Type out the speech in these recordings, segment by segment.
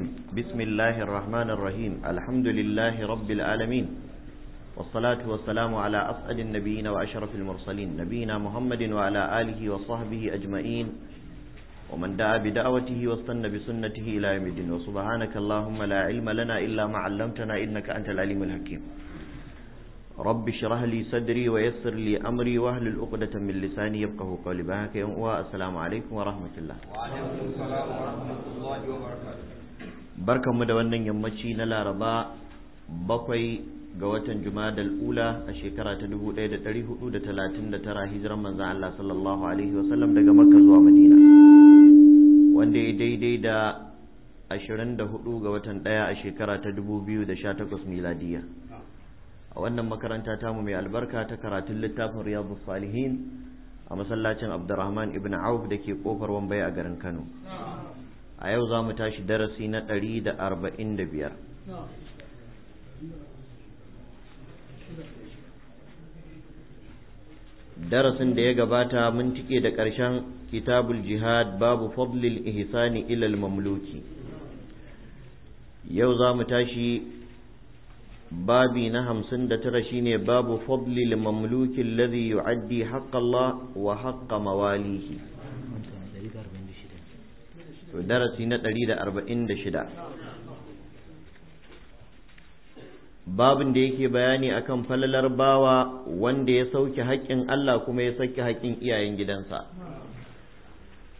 الرجيم بسم الله الرحمن الرحيم الحمد لله رب العالمين والصلاة والسلام على أسعد النبيين وأشرف المرسلين نبينا محمد وعلى آله وصحبه أجمعين ومن دعا بدعوته واستنى بسنته إلى يوم الدين وسبحانك اللهم لا علم لنا إلا ما علمتنا إنك أنت العليم الحكيم رب اشرح لي صدري ويسر لي أمري واحلل عقدة من لساني يفقهوا قولي بهاك يوم السلام عليكم ورحمة الله وعليكم السلام ورحمة الله وبركاته barkanmu da wannan yammaci na laraba bakwai ga watan juma'a ula a shekara ta 1439 hijiran manzan Allah sallallahu alaihi wasallam daga makka zuwa madina wanda ya daidai da 24 ga watan ɗaya a shekara ta takwas miladiya a wannan makaranta ta tamu mai albarka ta karatun littafin riyadu salihin a masallacin abdurrahman ibn auf da ke kofar wambai a garin kano a yau za mu tashi darasi na ɗari da arba'in da biyar darasin da ya gabata mun cike da ƙarshen kitabul jihad babu fadlil ihsani ilal mamluki yau za mu tashi babi na hamsin da tara shine babu fadlil mamlukin lazi yu'addi haqqallah wa haqqa mawalihi darasi na ɗari da arba'in da shida babin da yake bayani akan falalar bawa wanda ya sauke haƙƙin Allah kuma ya sauke haƙƙin iyayen gidansa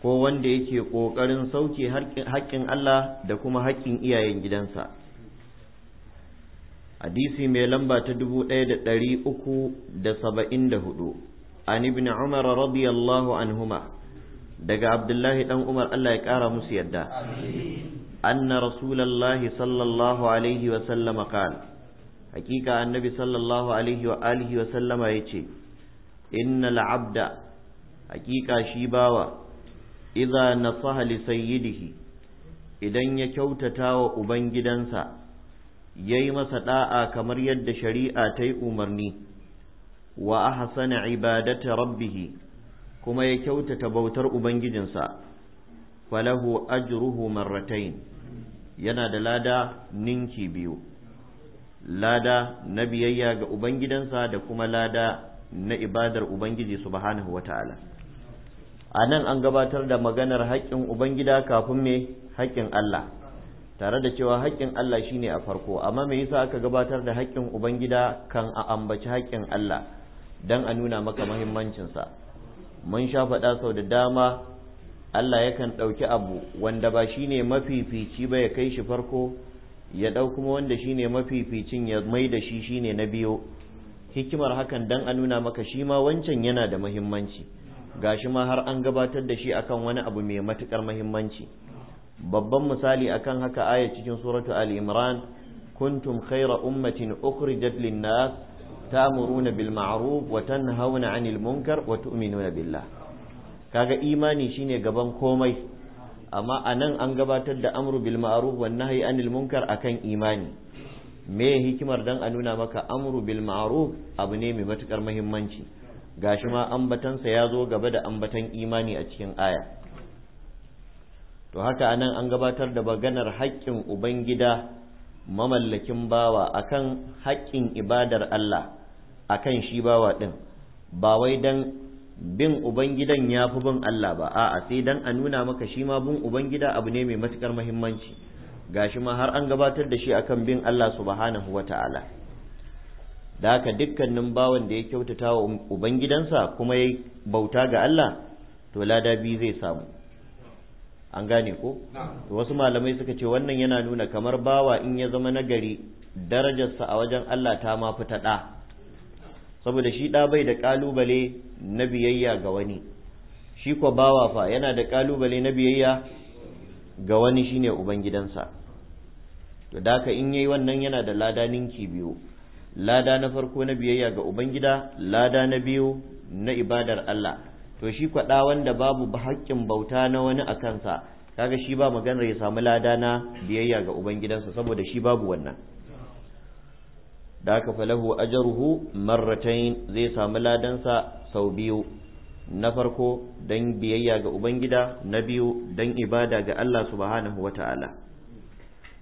ko wanda yake ƙoƙarin sauke haƙƙin Allah da kuma haƙƙin iyayen gidansa hadisi mai lamba ta dubu ɗaya da ɗari uku da saba'in da hudu an ibn umar radiyallahu anhuma daga abdullahi dan umar Allah ya kara musu yadda anna rasulallahi sallallahu alaihi wa sallama qal hakika annabi sallallahu alaihi wa alihi wa sallama yace innal abda hakika shi bawa idza nasaha li sayyidihi idan ya kyautata wa ubangidansa yayi masa da'a kamar yadda shari'a ta yi umarni wa ahsana ibadata rabbihi kuma ya kyautata bautar ubangijinsa falahu ajruhu marratain yana da lada ninki biyu lada na biyayya ga ubangidansa da kuma lada na ibadar ubangiji subhanahu wata'ala a nan an gabatar da maganar haƙƙin ubangida kafin me haƙƙin Allah tare da cewa haƙƙin Allah shi ne a farko amma me yasa aka gabatar da haƙƙin ubangida kan a ambaci haƙƙin Allah don a nuna maka muhimmancinsa mun sha faɗa sau da dama Allah yakan ɗauki abu wanda ba shi ne mafifici ba ya kai shi farko ya ɗau kuma wanda shi ne mafificin ya mai da shi shi ne na biyo hikimar hakan don a nuna maka shi ma wancan yana da mahimmanci ga shi ma har an gabatar da shi akan wani abu mai matuƙar mahimmanci babban misali akan haka aya cikin suratu al-imran kuntum khaira ummatin ukhrijat lin-nas tamuruna bil ma'ruf wa tanhauna 'anil munkar wa tu'minuna billah kaga imani shine gaban komai amma anan an gabatar da amru bil ma'ruf wa nahyi 'anil munkar akan imani me hikimar dan a nuna maka amru bil ma'ruf abu ne mai matukar muhimmanci gashi ma ambatansa ya zo gaba da ambatan imani a cikin aya to haka anan an gabatar da maganar haƙƙin ubangida mamallakin bawa akan haƙƙin ibadar Allah a kan shi bawa ɗin ba wai dan bin ubangidan ya fi bin Allah ba a'a sai dan a nuna maka shi ma bin ubangida abu ne mai matukar muhimmanci shi ma har an gabatar da shi akan bin Allah subhanahu ta'ala da haka dukkanin bawan da ya kyautata wa ubangidansa kuma ya bauta ga Allah to lada biyu zai samu an gane ko wasu malamai suka ce wannan yana nuna kamar bawa in ya zama nagari darajarsa a wajen Allah ta ma fi ɗa saboda shi ɗa bai da ƙalubale na biyayya ga wani shi ko bawa fa yana da ƙalubale na biyayya ga wani shi ne ubangidansa to da haka in yayi wannan yana da lada ninki biyu lada na farko na biyayya ga ubangida lada na biyu na ibadar Allah to shi kwaɗa wanda babu haƙƙin bauta na wani a kansa kaga shi ba maganar ya samu lada na biyayya ga ubangidansa saboda shi babu wannan da aka falahu ajaruhu marratain zai samu ladansa sau biyu na farko don biyayya ga ubangida na biyu don ibada ga Allah subhanahu wa ta'ala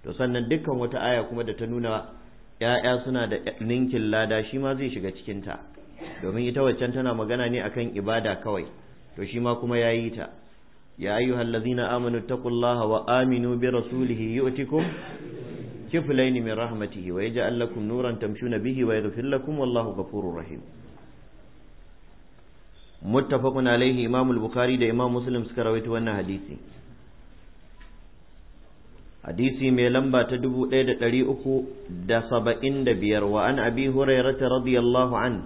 to sannan dukkan wata aya kuma da ta nuna ‘ya'ya suna da ninkin lada shi ma zai shiga cikinta domin ita waccan tana magana ne akan ibada kawai to shi ma kuma ya yi ta ya ayyuhallazina amanu taqullaha wa aminu bi rasulihi yu'tikum kiflaini min rahmatihi wa yaj'al lakum nuran tamshuna bihi wa yaghfir lakum wallahu ghafurur rahim muttafaqun alayhi imam al-bukhari da imam muslim suka rawaito wannan hadisi hadisi mai lamba ta dubu da da uku biyar wa an abi ta radiyallahu an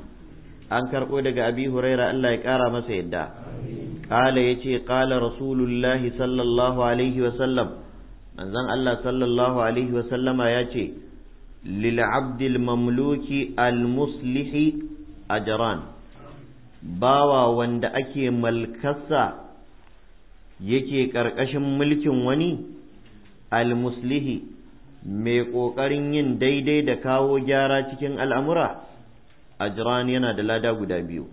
an karɓo daga abi hurairah Allah ya kara masa yadda qala yace ƙala rasulullahi sallallahu alaihi wa sallam manzon Allah sallallahu alaihi wa ya ce lil abdil mamluki al muslihi jiran, bawa wanda ake malkasa yake ƙarƙashin mulkin wani al muslihi mai ƙoƙarin yin daidai da kawo gyara cikin al'amura ajran yana da lada guda biyu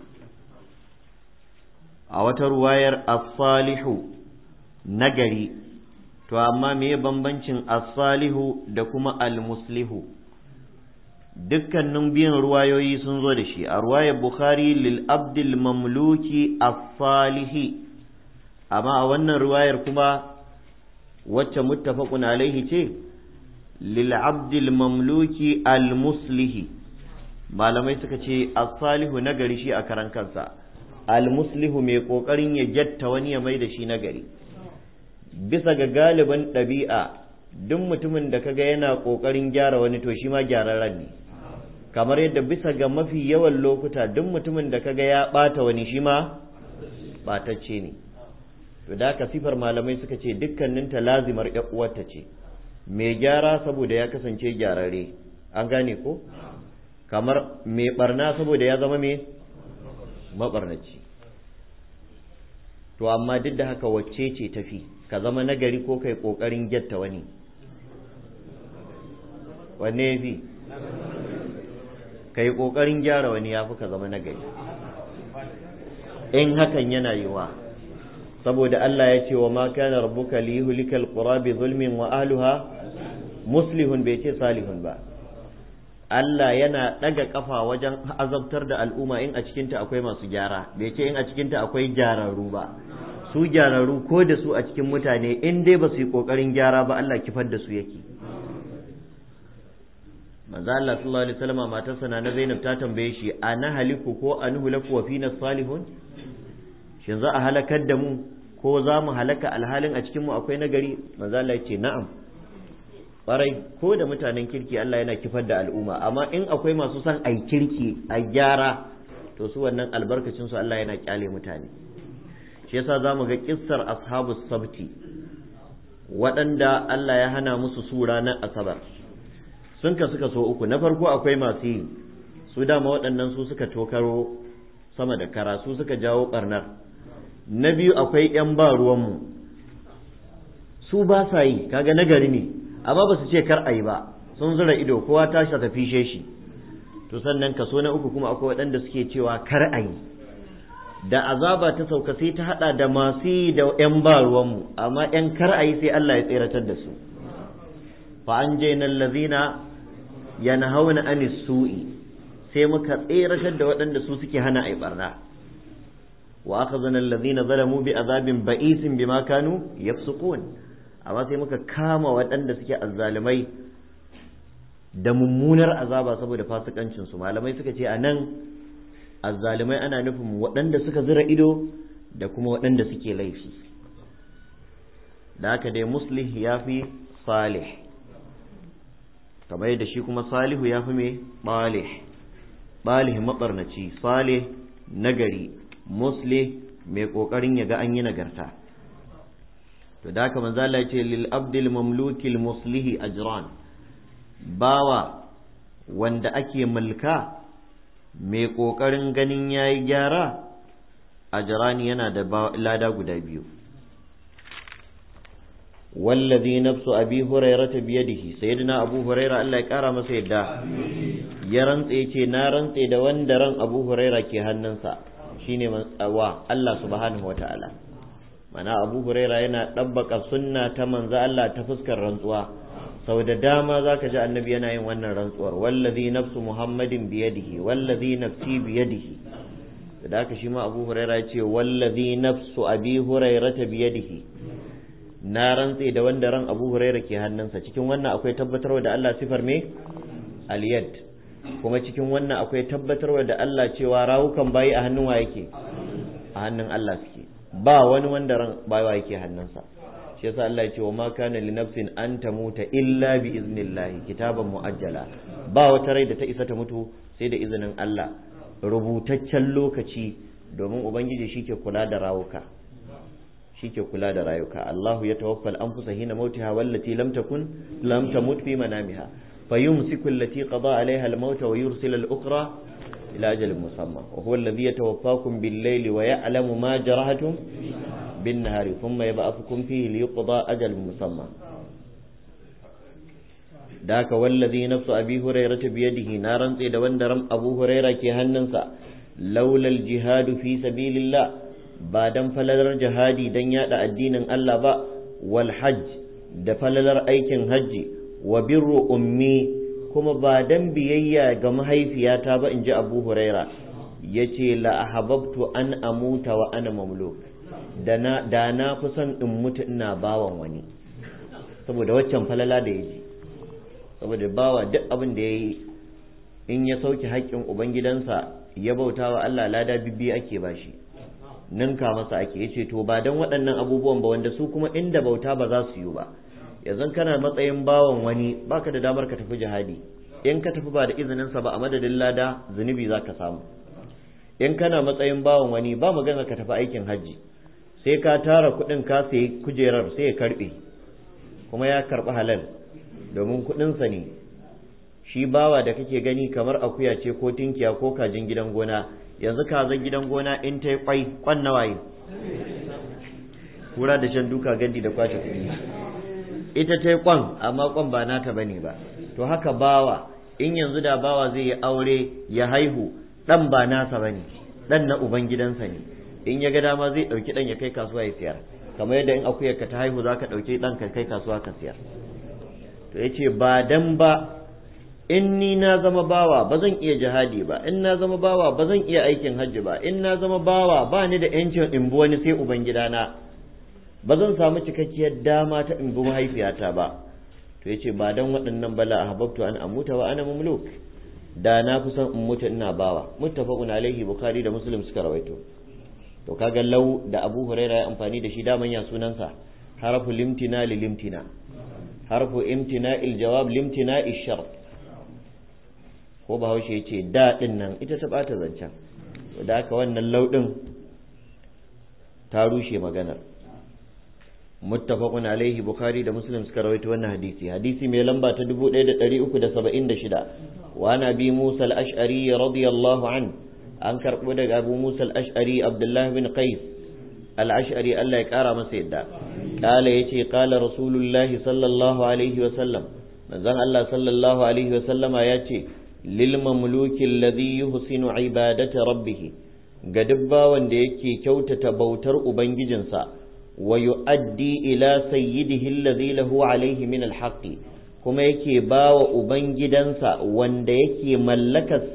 a wata ruwayar as-salihu gari. to amma me bambancin as-salihu da kuma al-muslihu dukkanin biyan ruwayoyi sun zo da shi a ruwayar bukhari lil abdil mamluki as-salihi amma a wannan ruwayar kuma wacce muttafaqun alaihi ce lil abdil mamluki al-muslihi malamai suka ce as-salihu nagari shi a karan kansa al-muslihu mai kokarin ya jatta wani ya mai da shi nagari bisa ga galibin ɗabi'a duk mutumin da kaga yana ƙoƙarin gyara wani to shi ma gyararren ne kamar yadda bisa ga mafi yawan lokuta duk mutumin da kaga ya ɓata wani shi ma ɓatacce ne to da haka sifar malamai suka ce dukkaninta lazimar uwarta ce mai gyara saboda ya kasance gyarare an gane ko kamar mai barna saboda ya zama mai maɓarnaci to amma duk da haka wacce ce tafi ka zama nagari ko kai kokarin getta wani wanne yafi kai kokarin gyara wani yafi ka zama nagari in hakan yana yiwa saboda Allah ya ce wa ma kana rabbuka liyuhlikal qura bi zulmin wa ahliha muslihun bai ce salihun ba Allah yana ɗaga ƙafa wajen azabtar da al'umma in a cikinta akwai masu gyara bai ce in a cikinta akwai gyararru ba su gyararru ko da su a cikin mutane in dai ba su yi kokarin gyara ba Allah kifar da su yake manzo Allah sallallahu alaihi wasallam matarsa na Zainab ta tambaye shi ana haliku ko anhu laku wa fina salihun shin za a halakar da mu ko za mu halaka alhalin a cikin mu akwai nagari manzo Allah yace, na'am kwarai ko da mutanen kirki Allah yana kifar da al'umma amma in akwai masu son ai kirki a gyara to su wannan albarkacin su Allah yana kyale mutane shi yasa za mu ga kissar ashabus sabti waɗanda Allah ya hana musu su ranar asabar sun ka suka so uku na farko akwai masu yi su dama waɗannan su suka tokaro sama da kara su suka jawo ɓarnar na biyu akwai 'yan ba ruwanmu su ba sa yi kaga nagari ne amma ba su ce kar a yi ba sun zura ido kowa tasha ta fishe shi to sannan kaso na uku kuma akwai waɗanda suke cewa kar a yi da azaba ta sauka sai ta hada da masu da 'yan ba ruwanmu amma 'yan kar a yi sai Allah ya tseratar da su fa an je nan lazina yana hauna anis su'i sai muka tseratar da waɗanda su suke hana a yi barna wa aka zana lazina zalamu bi azabin ba'isin bi ma kanu yafsukun amma sai muka kama waɗanda suke azzalumai da mummunar azaba saboda fasikancinsu. malamai suka ce a nan azzalimai ana nufin waɗanda suka zira ido da kuma waɗanda suke laifi da haka dai muslih ya fi salih kamar da shi kuma salihu ya fi mai balih balih maɓarnaci salih nagari muslih mai ƙoƙarin ya ga an yi nagarta to da haka manzala ce lil abdil mamlukil muslihi ajran bawa wanda ake mulka mai ƙoƙarin ganin ya yi gyara a jirani yana da lada guda biyu wallazi nafsu abi huraira ta biyadihi sayyidina abu huraira Allah ya kara masa yadda ya rantse ce na rantse da wanda ran abu huraira ke hannunsa shine wa Allah subhanahu wataala mana abu huraira yana ɗabbaka sunna ta manzo Allah ta fuskar rantsuwa sau da dama za ka ji annabi yana yin wannan rantsuwar wallazi nafsu muhammadin biyadihi wallazi nafsi biyadihi da aka shi ma abu huraira ce wallazi nafsu abi hurairata biyadihi na rantse da wanda ran abu huraira ke hannunsa cikin wannan akwai tabbatarwa da Allah sifar me aliyad kuma cikin wannan akwai tabbatarwa da Allah cewa rawukan bayi a hannun wa yake a hannun Allah suke ba wani wanda ran bayi yake hannunsa shi yasa Allah ya ce wa ma kana li nafsin an tamuta illa bi iznillahi kitaban muajjala ba wata rai da ta isa ta mutu sai da izinin Allah rubutaccen lokaci domin ubangiji shike kula da rawuka shike kula da rayuka Allahu ya tawaffal anfusa hina mautiha wallati lam takun lam tamut fi manamiha fayumsiku allati qada alaiha al wa yursil al-ukhra ila ajalin musamma wa huwa alladhi yatawaffakum bil-layli wa ya'lamu ma jarahtum bin nahari thumma yab'athukum fihi ba ajalun musamman. da haka wallazi nafsu abi hurairah biyadihi na rantse da wanda ram abu hurairah ke hannunsa laulal jihadu fi sabilillah ba don falalar jihadi dan yada addinin Allah ba wal hajj da falalar aikin hajji wa birru ummi kuma ba dan biyayya ga mahaifiyata ba inji abu huraira yace la ahabbtu an amuta wa ana mamluk da na fi son in mutu ina bawan wani saboda waccan falala da ya ji saboda bawa duk abin da ya yi in ya sauke haƙƙin ubangidansa ya bauta wa Allah lada bibbi ake bashi ninka masa ake ya ce to ba don waɗannan abubuwan ba wanda su kuma inda bauta ba za su yi ba yanzu kana matsayin bawan wani baka da damar ka tafi jihadi in ka tafi ba da izininsa ba a madadin lada zunubi za ka samu in kana matsayin bawan wani ba magana ka tafi aikin hajji sai ka tara kuɗin ka sayi kujerar sai ya karbe kuma ya karɓi halal domin kuɗinsa ne shi bawa da kake gani kamar akuya ce ko tinkiya ko kajin gidan gona yanzu kazan gidan gona in ta yi kwai kwan na waye kura da shan duka gandi da kwashe kuɗi ita ta yi kwan amma kwan ba nata bane ba to haka bawa in yanzu da bawa zai yi aure ya haihu dan ba nasa bane dan na uban gidansa ne in ya ga dama zai ɗauki ɗan ya kai kasuwa ya siyar kamar yadda in akuyar ka ta haihu za ka ɗauki ɗan ka kai kasuwa ka siyar to ya ce ba dan ba in ni na zama bawa ba zan iya jihadi ba in na zama bawa ba zan iya aikin hajji ba in na zama bawa ba ni da yancin in bi wani sai ubangidana ba zan samu cikakkiyar dama ta in bi mahaifiyata ba to yace ba dan waɗannan bala ahbabtu an amuta wa ana mamluk da na kusan in mutu ina bawa muttafaqun alaihi bukhari da muslim suka rawaito to ga lau da abu huraira ya amfani da shi da ya sunansa harfu limtina li limtina harfu imtina il jawab limtina il shart ko bahaushe ya ce da din nan ita ta bata zancen da haka wannan lau din ta rushe maganar muttafaqun alaihi bukhari da muslim suka rawaito wannan hadisi hadisi mai lamba ta 1376 wa nabi musa al-ash'ari radiyallahu anhu an karɓo daga abu musa al-ash'ari abdullahi bin qais al-ash'ari Allah ya ƙara masa yadda ya yace kala rasulullahi sallallahu alaihi wa sallam manzon Allah sallallahu alaihi wa sallama yace lil mamlukin alladhi yuhsinu ibadata rabbih ga bawan da yake kyautata bautar ubangijinsa wa yu'addi ila sayyidihi alladhi lahu alaihi min al kuma yake ba wa ubangidansa wanda yake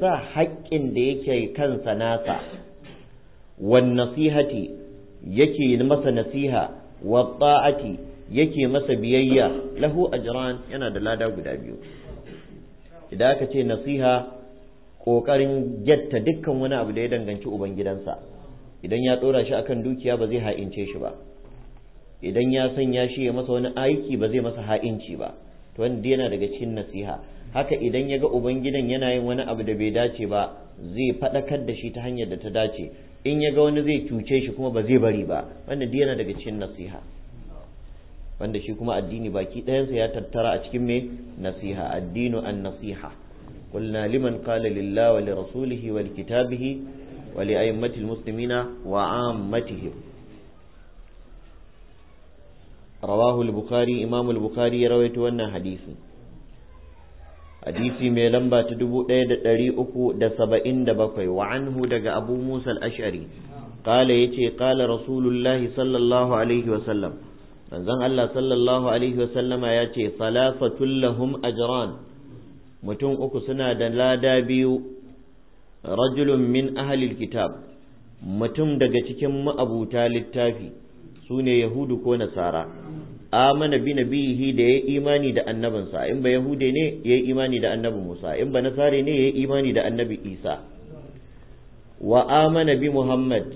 sa haƙƙin da yake kansa nasa wan nasihati yake masa nasiha wa ta'ati yake masa biyayya lahu ajran yana da lada guda biyu idan aka ce nasiha ƙoƙarin jatta dukkan wani abu da ya danganci ubangidansa idan ya ɗora shi akan dukiya ba zai ha'ince shi ba idan ya sanya shi ya masa wani aiki ba zai masa ha'inci ba to wanda yana daga cikin nasiha haka idan ya ga ubangidan yana yin wani abu da bai dace ba zai faɗakar da shi ta hanyar da ta dace in ya ga wani zai cuce shi kuma ba zai bari ba wanda duk yana daga cikin nasiha wanda shi kuma addini baki ɗayansa ya tattara a cikin me nasiha addinu an nasiha قلنا لمن قال لله ولرسوله ولكتابه ولأئمة المسلمين وعامتهم rawahu al-bukhari imam ya rawaito wannan hadisi hadisi mai lamba ta dubu 1377 wa anhu daga abu musa al-ash'ari qala yace qala rasulullahi sallallahu alaihi wa sallam manzon Allah sallallahu alaihi wa sallama yace salafatul lahum ajran mutum uku suna da lada biyu rajulun min ahli kitab mutum daga cikin ma'abuta littafi su ne yahudu ko nasara amana bi nabihi da ya imani da annabinsa in ba yahude ne ya imani da annabi musa in ba nasare ne ya imani da annabi isa wa amana bi muhammad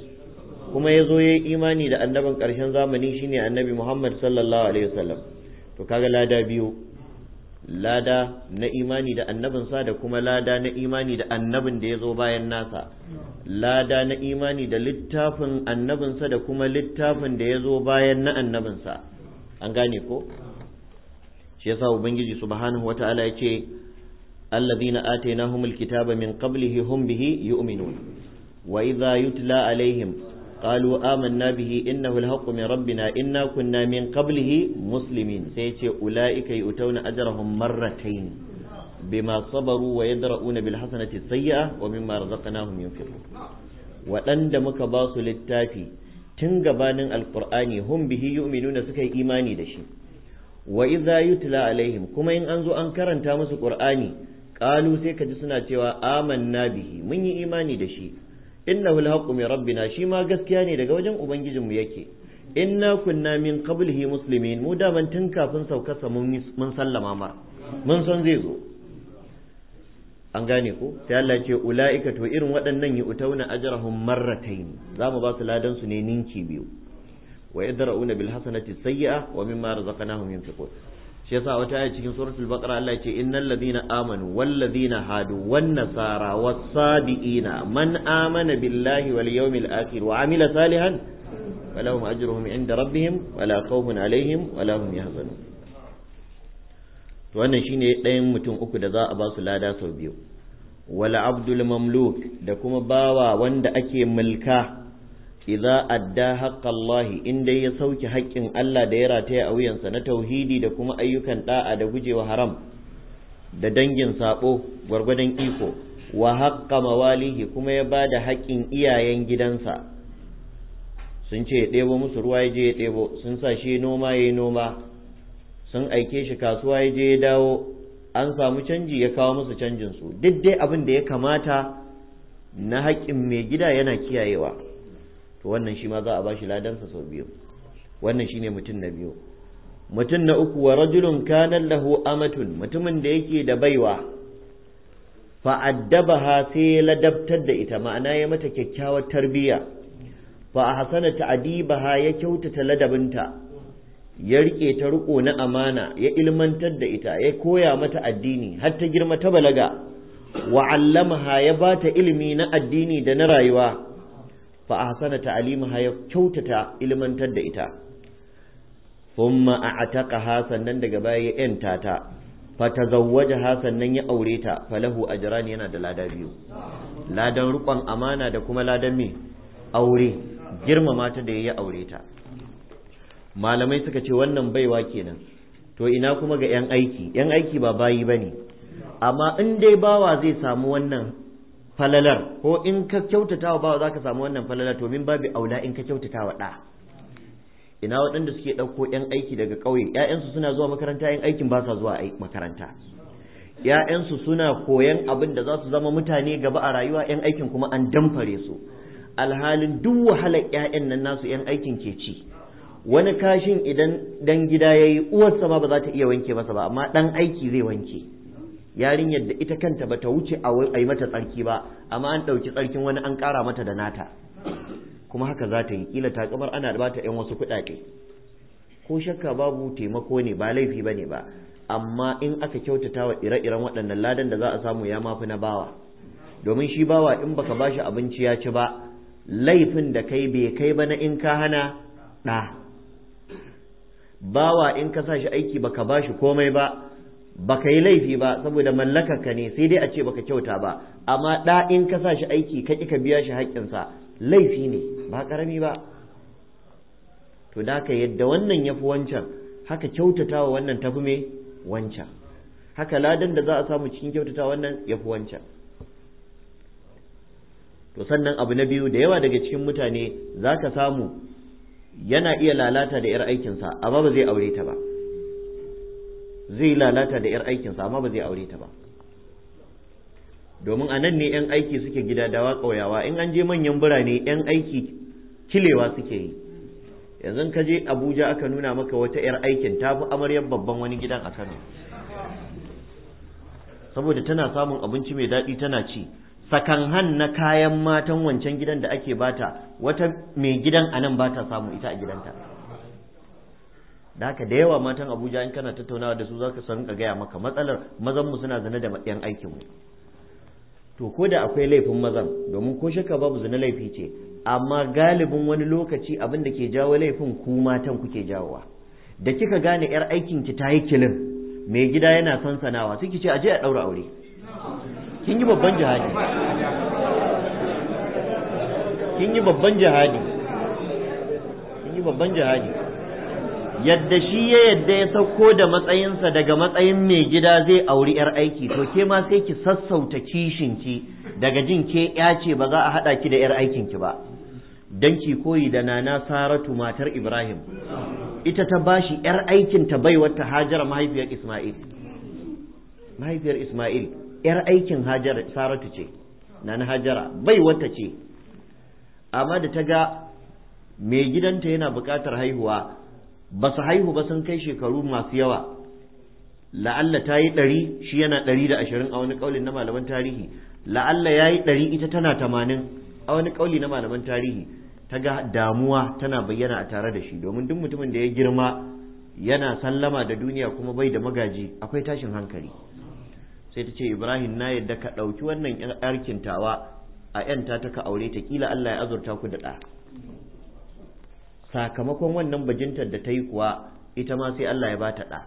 kuma ya zo ya imani da annabin ƙarshen zamani shine annabi muhammad sallallahu alaihi wasallam to kaga lada biyu lada na imani da annabinsa da kuma lada na imani da annabin da ya zo bayan nasa lada na imani da littafin annabinsa da kuma littafin da ya zo bayan na annabinsa an gane ko shi yasa ubangiji subhanahu wata'ala ya ce allazina atainahumul kitaba min qablihi hum bihi yu'minun wa idza yutla alaihim قالوا آمنا به إنه الحق من ربنا إنا كنا من قبله مسلمين سيتي أولئك يؤتون أجرهم مرتين بما صبروا ويدرؤون بالحسنة السيئة ومما رزقناهم ينفقون وأند مكباس للتافي تنقبان القرآن هم به يؤمنون سكي إيماني دشي وإذا يتلى عليهم كما إن أنزو أنكرا تامس القرآن قالوا سيكا جسنا تيوا آمنا به من إيماني دشي Inna innahu alhaqqu min rabbina shi ma gaskiya ne daga wajen ubangijinmu yake inna kunna min qablihi muslimin mu da tun kafin sauka mun sallama mar mun san zai zo an gane ko sai Allah ce ulaika to irin waɗannan yi utauna ajrahum marratayn mu ba su ladan su ne ninki biyu wa yadra'una bil hasanati sayyi'a wa mimma razaqnahum yunfiqun shi yasa wata aya cikin suratul baqara Allah ce innal ladina amanu wal ladina hadu wan nasara was sabiina man amana billahi wal yawmil akhir wa amila salihan falahum ajruhum inda rabbihim wala khawfun alaihim wala hum yahzanun to wannan shine ɗayan mutum uku da za a ba su lada sau biyu wala abdul mamluk da kuma bawa wanda ake mulka idza adda haqqallahi in dai ya sauke haƙƙin Allah da ya rataya a wuyansa na tauhidi da kuma ayyukan da'a da gujewa haram da dangin sabo gwargwadon iko wa haqqa mawalihi kuma ya bada haƙƙin iyayen gidansa sun ce ya ɗebo musu ruwa ya je ya ɗebo sun sa shi noma ya yi noma sun aike shi kasuwa ya je ya dawo an samu canji ya kawo musu canjin su duk dai abin da ya kamata na haƙƙin mai gida yana kiyayewa to wannan shi ma za a bashi ladansa sau biyu wannan shine mutum na biyu mutum na uku wa rajulun kana lahu amatun mutumin da yake da baiwa fa addabaha sai ya ladabtar da ita ma'ana ya mata kyakkyawar tarbiyya fa ahsana ta'dibaha ya kyautata ladabinta ya rike ta riƙo na amana ya ilmantar da ita ya koya mata addini har ta girma ta balaga wa allamaha ya bata ilimi na addini da na rayuwa fa ahsana ta'limaha ya kyautata ilmantar da ita thumma a'taqaha nan daga baya ya yanta ta fa tazawwajaha nan ya aure ta falahu ajran yana da lada biyu ladan rukon amana da kuma ladan me aure girmama ta da yayi aure ta malamai suka ce wannan baiwa kenan to ina kuma ga yan aiki yan aiki ba bayi bane amma in dai bawa zai samu wannan falalar ko in ka kyautata wa bawa zaka samu wannan falalar to min babu aula in ka kyautata wa da ina waɗanda suke ɗauko 'yan aiki daga ƙauye 'ya'yansu suna zuwa makaranta 'yan aikin ba sa zuwa makaranta 'ya'yansu suna koyan abin da za su zama mutane gaba a rayuwa 'yan aikin kuma an damfare su alhalin duk wahalar 'ya'yan nan nasu 'yan aikin ke ci wani kashin idan dan gida yayi yi uwarsa ma ba za ta iya wanke masa ba amma ɗan aiki zai wanke yarinyar da ita kanta bata wuce a yi mata tsarki ba amma an ɗauki tsarkin wani an ƙara mata da nata kuma haka za ta yi kila ta kamar ana ba ta 'yan wasu kuɗaɗe ko shakka babu taimako ne ba laifi ba ne ba amma in aka kyautata wa ire-iren waɗannan ladan da za a samu ya mafi na bawa domin shi bawa in baka bashi abinci ya ci ba laifin da kai bai kai ba na in ka hana ɗa bawa in ka sa shi aiki baka bashi komai ba baka yi laifi ba saboda mallakarka ne sai dai a ce baka kyauta ba amma da in ka sa shi aiki ka ka biya shi haƙƙinsa laifi ne ba ƙarami ba to da ka yadda wannan ya fi wancan haka kyautata wa wannan tafi mai wancan haka ladan da za a samu cikin kyautata wannan ya fi wancan to sannan abu na biyu da yawa daga cikin mutane za ka samu yana iya lalata da 'yar aikinsa amma ba zai aure ta ba zai lalata da 'yar aikinsa amma ba zai aure ta ba domin a nan ne 'yan aiki suke gida gidadawa ƙauyawa in an je manyan birane 'yan aiki kilewa suke yi yanzu ka je abuja aka nuna maka wata 'yar aikin ta fi amaryar babban wani gidan a kano saboda tana samun abinci mai daɗi tana ci sakan han na kayan matan wancan gidan da ake bata wata mai gidan a nan ba ta samu ita a gidanta da haka da yawa matan abuja in kana tattaunawa da su za ka san ka gaya maka matsalar mazan mu suna zane da yan aikin mu to ko da akwai laifin mazan domin ko shakka babu zina laifi ce amma galibin wani lokaci abin da ke jawo laifin ku matan kuke jawowa da kika gane yar aikin ki ta yi kilin mai gida yana son sanawa sai ki ce aje a daura aure kin yi babban jihadi kin yi babban jihadi kin yi babban jihadi yadda shi ya yadda ya sauko da matsayinsa daga matsayin mai gida zai auri 'yar aiki to ke ma sai ki sassauta kishin ki daga jin ke ya ce ba za a haɗa ki da 'yar aikinki ba Dan ki koyi da nana saratu matar ibrahim ita ta bashi 'yar aikin ta bai wata hajar mahaifiyar isma'il mahaifiyar isma'il 'yar aikin hajar saratu ce nana hajara bai wata ce amma da ta ga mai gidanta yana buƙatar haihuwa ba su haihu ba sun kai shekaru masu yawa la'alla ta yi ɗari shi yana ɗari da ashirin a wani ƙaulin na malaman tarihi la'alla ya yi ɗari ita tana tamanin a wani ƙauli na malaman tarihi ta ga damuwa tana bayyana a tare da shi domin duk mutumin da ya girma yana sallama da duniya kuma bai da magaji akwai tashin hankali sai ta ce ibrahim na yadda ka ɗauki wannan yarkin tawa a 'yanta ta ka aure ta kila allah ya azurta ku da ɗa sakamakon wannan bajintar da ta yi kuwa ita ma sai Allah ya ba ta ɗa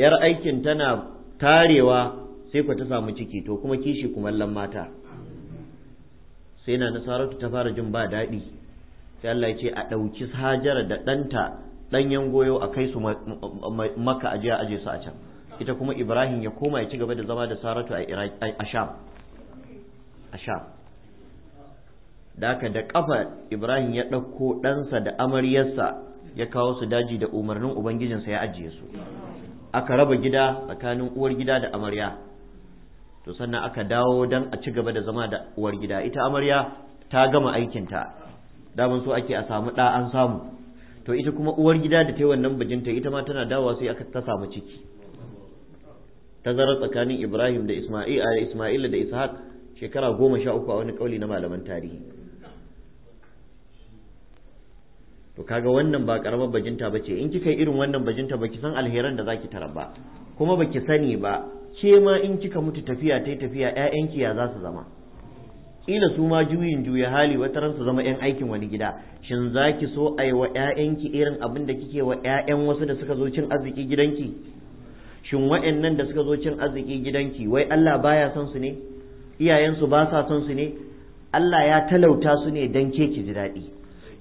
yar aikin tana tarewa sai ku ta samu ciki to kuma kishi kumallon mata sai na nasaratu ta fara jin ba daɗi sai Allah ya ce a ɗauki hajara da ɗanta ɗanyen goyo a kai su maka a ajesu aje su a can ita kuma ibrahim ya koma ya ci gaba da zama da saratu a sham da haka da kafa ibrahim ya ɗauko ɗansa da amaryarsa ya kawo su daji da umarnin ubangijinsa ya ajiye su aka raba gida tsakanin uwar gida da amarya to sannan aka dawo don a ci gaba da zama da uwar gida ita amarya ta gama aikinta daman so ake a samu ɗa an samu to ita kuma uwar gida da ta yi wannan bijinta ita ma tana dawowa sai aka ta samu ciki tazarar tsakanin ibrahim da isma'ila da ishaq shekara goma sha uku a wani kauli na malaman tarihi to kaga wannan ba karamar bajinta ba ce, in kika irin wannan bajinta ba ki san alheran da zaki tarar ba kuma baki sani ba ke ma in kika mutu tafiya tai tafiya ƴaƴanki ya za su zama kila su ma juyin juya hali wata ran su zama ƴan aikin wani gida shin zaki so ai wa ƴaƴanki irin abin da kike wa ƴaƴan wasu da suka zo cin arziki gidanki shin wa'annan da suka zo cin arziki gidanki wai Allah baya son su ne iyayensu ba sa son su ne Allah ya talauta su ne dan ke ki ji daɗi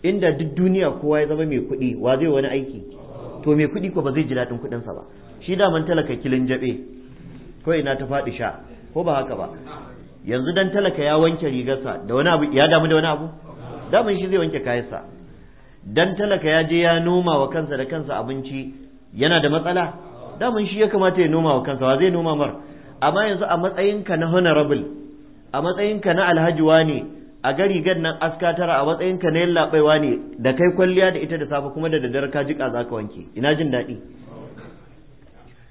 inda duk duniya kowa ya zama mai kuɗi wa zai wani aiki to mai kuɗi ko ba zai ji daɗin kuɗinsa ba shi daman talaka kilin jaɓe ko ina ta faɗi sha ko ba haka ba yanzu dan talaka ya wanke rigarsa da wani abu ya damu da wani abu daman shi zai wanke kayansa dan talaka ya je ya noma wa kansa da kansa abinci yana da matsala daman shi ya kamata ya noma wa kansa wa zai noma mar amma yanzu a matsayinka na honorable a matsayinka na alhaji ne a gari gan nan aska tara a matsayin ka na yallaɓaiwa ne da kai kwalliya da ita da safe kuma da daddare ka jiƙa za ka wanke ina jin daɗi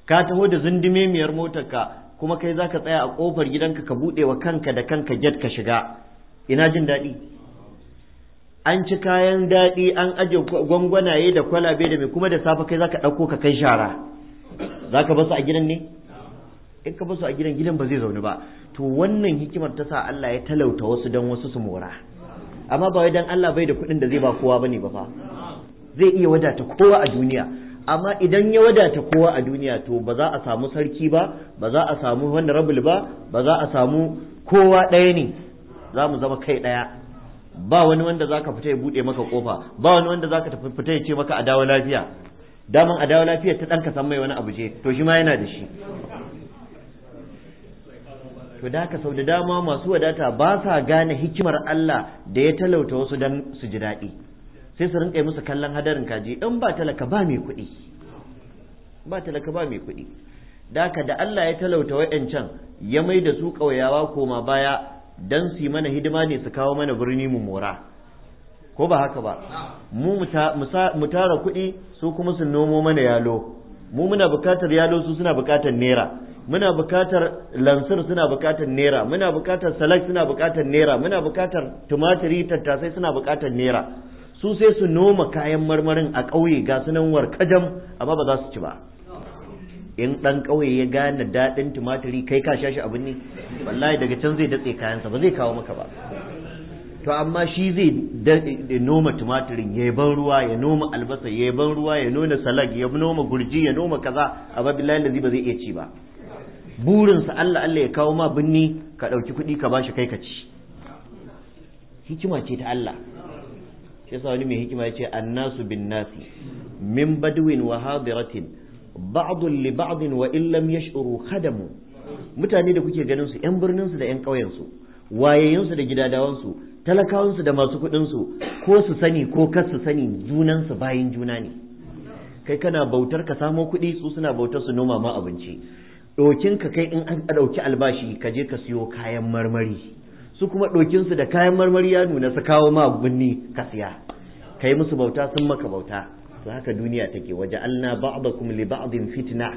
ka taho da zundume miyar motarka kuma kai za ka tsaya a ƙofar gidanka ka buɗe wa kanka da kanka get ka shiga ina jin daɗi an ci kayan daɗi an aje gwangwanaye da kwalabe da mai kuma da safe kai za ka ɗauko ka kai shara za ka basu a gidan ne in ka basu a gidan gidan ba zai zaune ba to wannan hikimar ta sa Allah ya talauta wasu don wasu su mora amma ba wai don Allah bai da kuɗin da zai ba kowa bane ba fa zai iya wadata kowa a duniya amma idan ya wadata kowa a duniya to ba za a samu sarki ba ba za a samu wani rabul ba ba za a samu kowa ɗaya ne za mu zama kai ɗaya ba wani wanda za ka fita ya buɗe maka kofa ba wani wanda za ka fita ya ce maka a dawo lafiya daman a dawo lafiya ta ɗan san mai wani abu je to shi ma yana da shi to da ka sau da dama masu wadata ba sa gane hikimar Allah da ya talauta wasu don su ji daɗi sai su rinka musu kallon hadarin kaji in ba talaka ba mai kuɗi ba talaka ba mai kuɗi da ka da Allah ya talauta wa'yancan ya mai da su ƙauyawa koma baya don su yi mana hidima ne su kawo mana birni mu mora ko ba haka ba mu mu tara kuɗi su kuma su nomo mana yalo mu muna buƙatar yalo su suna buƙatar naira muna bukatar lansir suna bukatar naira muna bukatar salak suna bukatar naira muna bukatar tumatiri tattasai suna bukatar naira su sai su noma kayan marmarin a ƙauye ga sunan kajam amma ba za su ci ba in dan ƙauye ya gane daɗin tumatiri kai ka sha shi abin ne wallahi daga can zai datse kayansa ba zai kawo maka ba to amma shi zai noma tumatirin ya ban ruwa ya noma albasa ya ban ruwa ya noma salak ya noma gurji ya noma kaza a babilayen da ba zai iya ci ba burinsa Allah Allah ya kawo ma binni ka ɗauki kuɗi ka ba shi kai ka ci hikima ce ta Allah shi yasa wani mai hikima ya ce annasu bin nasi min badwin wa hadiratin ba'dun li ba'din wa in lam yash'uru khadamu mutane da kuke ganin su yan birnin su da yan ƙauyen su su da gidadawan su talakawan su da masu kuɗin su ko su sani ko kar su sani junan su bayin juna ne kai kana bautar ka samo kuɗi su suna bautar su noma ma abinci ɗokin ka kai in an ɗauki albashi ka je ka siyo kayan marmari su kuma ɗokinsu da kayan marmari ya nuna su kawo ma gunni ka siya kai musu bauta sun maka bauta su haka duniya take waje alna ba'dakum li ba'din fitna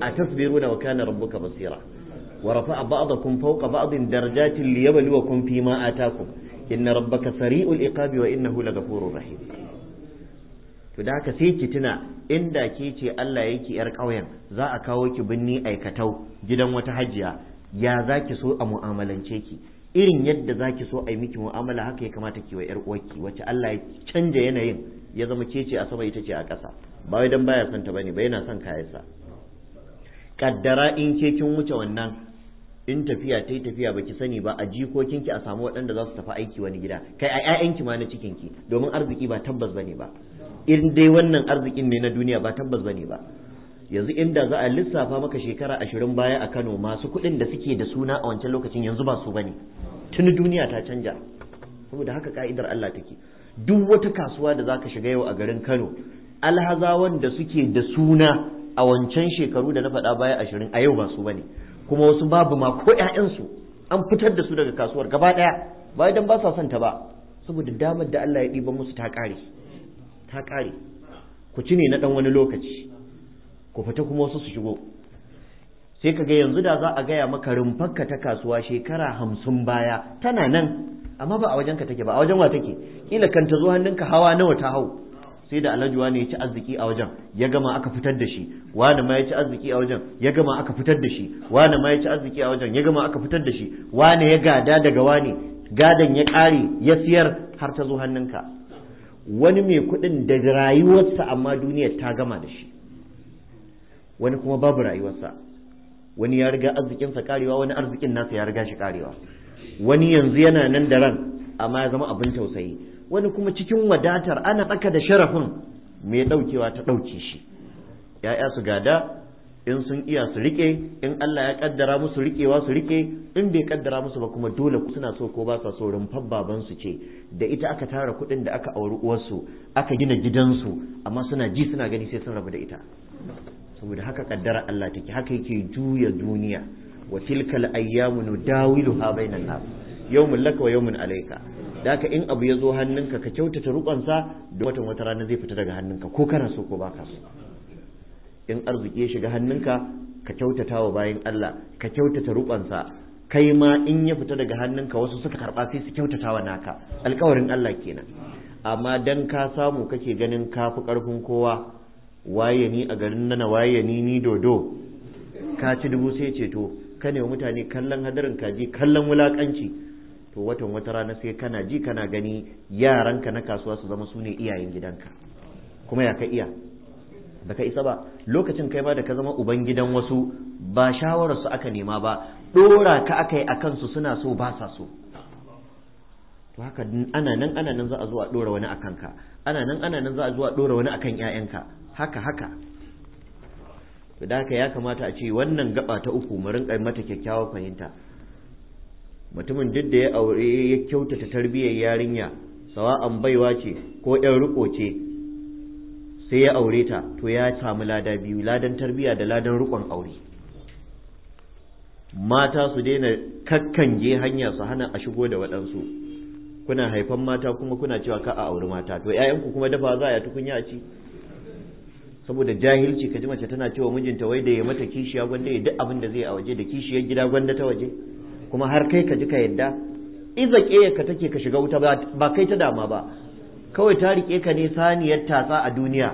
atasbiruna wa kana rabbuka basira wa rafa'a ba'dakum fawqa ba'din darajatin fi ma atakum inna rabbaka sari'ul iqabi wa innahu laghafurur rahim to da ka sai ki tuna inda ke ce Allah yake yar ƙauyen za a kawo ki binni aikatau gidan wata hajiya ya za ki so a mu'amalance ki irin yadda za ki so a yi miki mu'amala haka ya kamata ki wa yar uwarki wacce Allah ya canja yanayin ya zama ke ce a sama ita ce a ƙasa ba wai dan baya son ta bane ba yana son kayansa kaddara in ke kin wuce wannan in tafiya ta yi tafiya ba ki sani ba a jikokin ki a samu waɗanda za su tafi aiki wani gida kai a 'ya'yanki ma na cikinki domin arziki ba tabbas bane ba in dai wannan arzikin ne na duniya ba tabbas bane ba yanzu inda za a lissafa maka shekara ashirin baya a Kano masu kuɗin da suke da suna a wancan lokacin yanzu ba su bane tuni duniya ta canja saboda haka ka'idar Allah take duk wata kasuwa da za ka shiga yau a garin Kano alhazawan da suke da suna a wancan shekaru da na faɗa baya ashirin a yau ba su bane kuma wasu babu ma ko ƴaƴansu an fitar da su daga kasuwar gaba ɗaya ba idan ba sa son ta ba saboda damar da Allah ya ɗiba musu ta ƙare ta ƙare ku ci ne na ɗan wani lokaci ku fita kuma wasu su shigo sai ka ga yanzu da za a gaya maka rumfarka ta kasuwa shekara hamsin baya tana nan amma ba a wajen ka take ba a wajen wa take kila kan ta zo hannunka hawa nawa ta hau sai da alhaji wani ya ci arziki a wajen ya gama aka fitar da shi wani ma ya ci arziki a wajen ya gama aka fitar da shi wani ma ya ci arziki a wajen ya gama aka fitar da shi wani ya gada daga wani gadan ya ƙare ya siyar har ta zo hannunka wani mai kuɗin da rayuwarsa amma duniyar ta gama da shi wani kuma babu rayuwarsa wani ya riga arzikinsa karewa wani arzikin nasa ya riga shi karewa wani yanzu yana nan da ran amma ya zama abin tausayi wani kuma cikin wadatar ana tsaka da sharafin mai ɗaukewa ta ɗauke shi ya'ya su gada in sun iya su rike in Allah ya kaddara musu rikewa su rike in bai kaddara musu ba kuma dole suna so ko ba sa so rumfar baban su ce da ita aka tara kuɗin da aka auri uwarsu aka gina gidansu amma suna ji suna gani sai sun rabu da ita saboda haka kaddara Allah take haka yake juya duniya wa tilkal ayyamu nudawiluha bainan nas yawmun laka wa yawmun alayka daka in abu ya zo hannunka ka kyautata sa, da watan wata rana zai fita daga hannunka ko kana so ko ka so in arziki ya shiga hannunka ka kyautata wa bayan Allah ka kyautata rubansa kai ma in ya fita daga hannunka wasu suka karɓa sai su kyautata wa naka alkawarin Allah kenan amma dan ka samu kake ganin kafi karfin kowa waye ni a garin nana waye ni ni dodo ka ci dubu sai ceto ka ne mutane kallon hadarin kaji kallon wulakanci to watan wata rana sai kana ji kana gani yaranka na kasuwa su zama sune iyayen gidanka kuma ya ka iya baka isa ba lokacin kai ba da ka zama uban gidan wasu ba shawarar su aka nema ba dora ka aka yi akan su suna so ba sa so to haka ana nan ana nan za a zo a dora wani akan ka ana nan ana nan za a zo a dora wani akan ƴaƴanka haka haka to da haka ya kamata a ce wannan gaba ta uku mu rinka mata kyakkyawar fahimta mutumin duk da ya aure ya kyautata tarbiyyar yarinya sawa'an baiwa ce ko ƴan riko ce sai ya aure ta to ya samu lada biyu ladan tarbiyya da ladan rukon aure mata su daina kakkange hanya su hana a shigo da waɗansu kuna haifan mata kuma kuna cewa ka a auri mata to ƴaƴanku kuma dafa za a tukunya a ci saboda jahilci kaji mace tana cewa mijinta wai da ya mata kishiya gwanda ya duk abin da zai a waje da kishiyar gida gwanda ta waje kuma har kai ka ji ka yadda iza ka take ka shiga wuta ba kai ta dama ba kawai ta rike ka ne saniyar tasa a duniya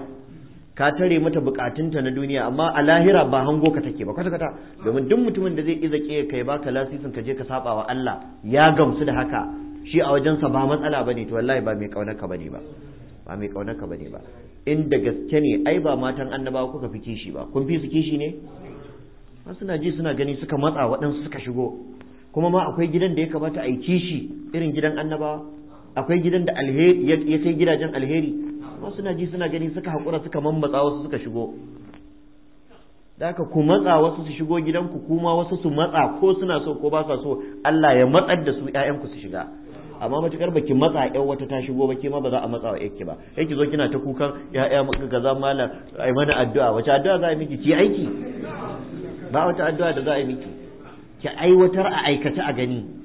ka tare mata bukatunta na duniya amma a lahira ba hango ka take ba kwata kwata domin duk mutumin da zai iza ke kai baka lasisin ka je ka saba wa Allah ya gamsu da haka shi a wajensa ba matsala bane to wallahi ba mai kaunar ka bane ba ba mai kaunar ka bane ba in da gaske ne ai ba matan annabawa kuka fi kishi ba kun fi su kishi ne suna ji suna gani suka matsa waɗansu suka shigo kuma ma akwai gidan da ya kamata a yi kishi irin gidan annabawa akwai gidan da alheri ya kai gidajen alheri wasu suna ji suna gani suka haƙura suka mammatsa wasu suka shigo da ku matsa wasu su shigo gidanku kuma wasu su matsa ko suna so ko ba sa so Allah ya matsar da su ƴaƴanku su shiga amma matukar baki matsa ƴan wata ta shigo ba kima ma ba za a matsa wa ƴakki ba yake zo kina ta kukan ƴaƴa maka kaza malam ai mana addu'a wace addu'a za a yi miki ki aiki ba wata addu'a da za a yi miki ki aiwatar a aikata a gani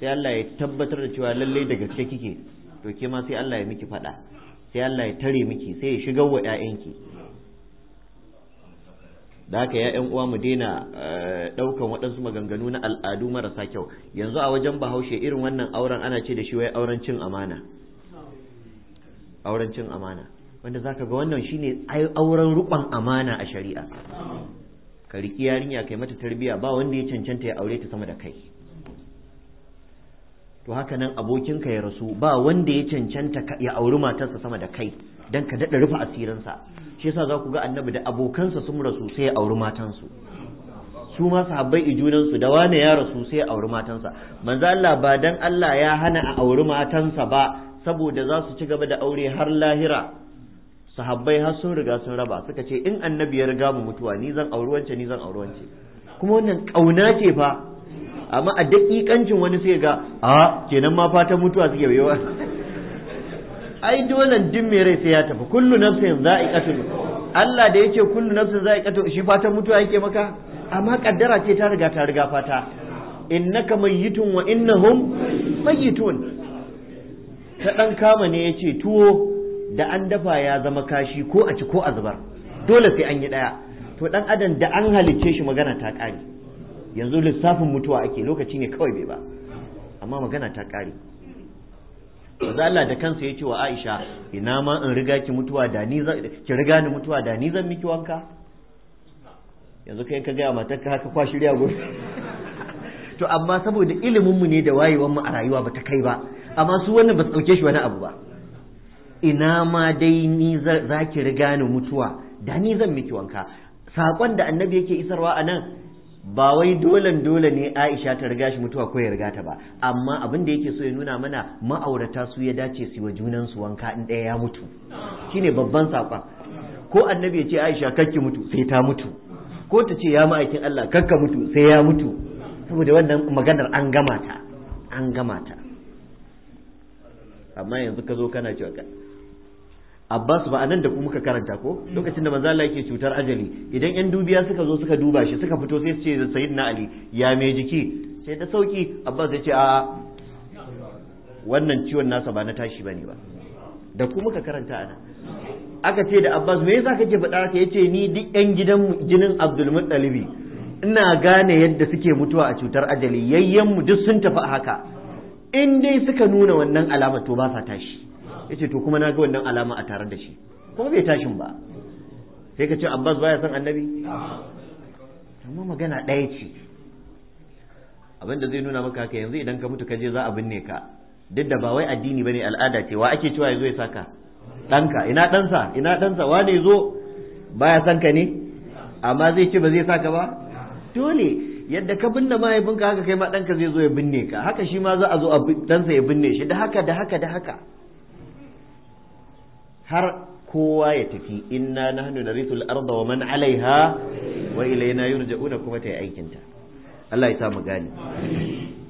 sai Allah ya tabbatar da cewa lallai da gaske kike to ke ma sai Allah ya miki faɗa sai Allah ya tare miki sai ya shiga wa ƴaƴanki da haka ya uwa mu daina eh, ɗaukan waɗansu maganganu na al'adu marasa kyau yanzu a wajen bahaushe irin wannan auren ana ce da shi wai auren cin amana auren cin amana wanda zaka ga wannan shine auren ruban amana a shari'a ka riki yarinya kai mata tarbiyya ba wanda ya cancanta ya aure ta sama da kai to haka nan abokinka ya rasu ba wanda ya cancanta ya auri matarsa sama da kai don ka daɗa rufe asirinsa shi yasa za ku ga annabi da abokansa sun rasu sai ya auri matansu su ma sahabbai ijunansu da wane ya rasu sai ya auri matansa manzo Allah ba dan Allah ya hana a auri matansa ba saboda za su ci gaba da aure har lahira sahabbai har sun riga sun raba suka ce in annabi ya riga mu mutuwa ni zan auri wance ni zan auri wance kuma wannan kauna ce fa amma a daƙiƙancin wani sai ga a kenan ma fatan mutuwa suke yawa ai dolan din me rai sai ya tafi kullu nafsin za'iqatul Allah da yake kullu nafsin za'iqatul shi fatan mutuwa yake maka amma kaddara ce ta riga ta riga fata innaka mayyitun wa innahum mayyitun ta dan kama ne yace tuwo da an dafa ya zama kashi ko a ci ko a zubar dole sai an yi daya to dan adam da an halicce shi magana ta kare yanzu lissafin mutuwa ake lokaci ne kawai bai ba amma magana ta kare Maza Allah da kansa ya ce wa Aisha ina ma in riga ki mutuwa da ni ki riga ni mutuwa da ni zan miki wanka yanzu kai ka gaya ka haka kwashi riya gobe to amma saboda ilimin mu ne da wayewar mu a rayuwa ba ta kai ba amma su wannan ba su dauke shi wani abu ba ina ma dai ni za ki riga ni mutuwa da ni zan miki wanka saƙon da annabi yake isarwa a nan ba wai dolan dole ne Aisha ta riga shi mutuwa ko ya riga ta ba amma abin da yake so ya nuna mana ma'aurata su ya dace su wa junan su wanka in ɗaya ya mutu shine babban saƙon ko annabi ya ce Aisha kakki mutu sai ta mutu ko ta ce ya ma'aikin Allah kakka mutu sai ya mutu saboda wannan maganar an gama ta an gama ta amma yanzu ka zo kana cewa Abbas ba anan da ku muka karanta ko lokacin da manzo Allah yake cutar ajali idan yan dubiya suka zo suka duba shi suka fito sai su ce sayyidina Ali ya me jiki sai da sauki Abbas ya ce a wannan ciwon nasa ba na tashi bane ba da ku muka karanta ana. aka ce da Abbas me yasa kake faɗa ya yace ni duk yan gidan jinin Abdul Muttalibi ina gane yadda suke mutuwa a cutar ajali yayyan mu duk sun tafi haka in dai suka nuna wannan alama to ba sa tashi yace to kuma na ga wannan alama a tare da shi kuma bai tashin ba sai ka ce Abbas baya son annabi amma magana ɗaya ce abinda zai nuna maka haka yanzu idan ka mutu ka je za a binne ka duk da ba wai addini bane al'ada ce wa ake cewa yazo ya saka ɗanka ina ɗansa ina ɗansa wane zo baya son ka ne amma zai ce ba zai saka ba dole yadda ka binne mahaifinka haka kai ma ɗanka zai zo ya binne ka haka shi ma za a zo a ɗansa ya binne shi da haka da haka da haka har kowa ya tafi inna nahnu narithul arda wa man alaiha wa ilaina yurja'una kuma ta yi aikin ta Allah ya sa mu gane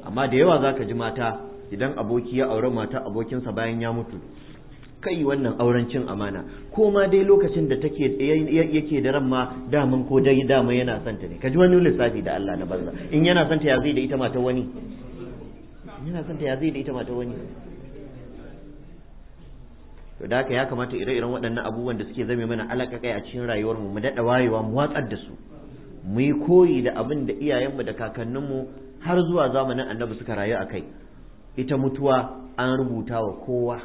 amma da yawa zaka ji mata idan aboki ya aure mata abokinsa bayan ya mutu kai wannan auren cin amana ko ma dai lokacin da take yake da ran ma daman ko dai dama yana son ta ne kaji wani lissafi da Allah na banza in yana son ta ya zai da ita mata wani yana son ta ya zai da ita mata wani to da haka ya kamata ire-iren waɗannan abubuwan da suke zame mana alaƙaƙai a cikin rayuwar mu mu daɗa wayewa mu watsar da su mu yi koyi da abin da iyayenmu da kakanninmu har zuwa zamanin annabi suka rayu a kai ita mutuwa an rubuta wa kowa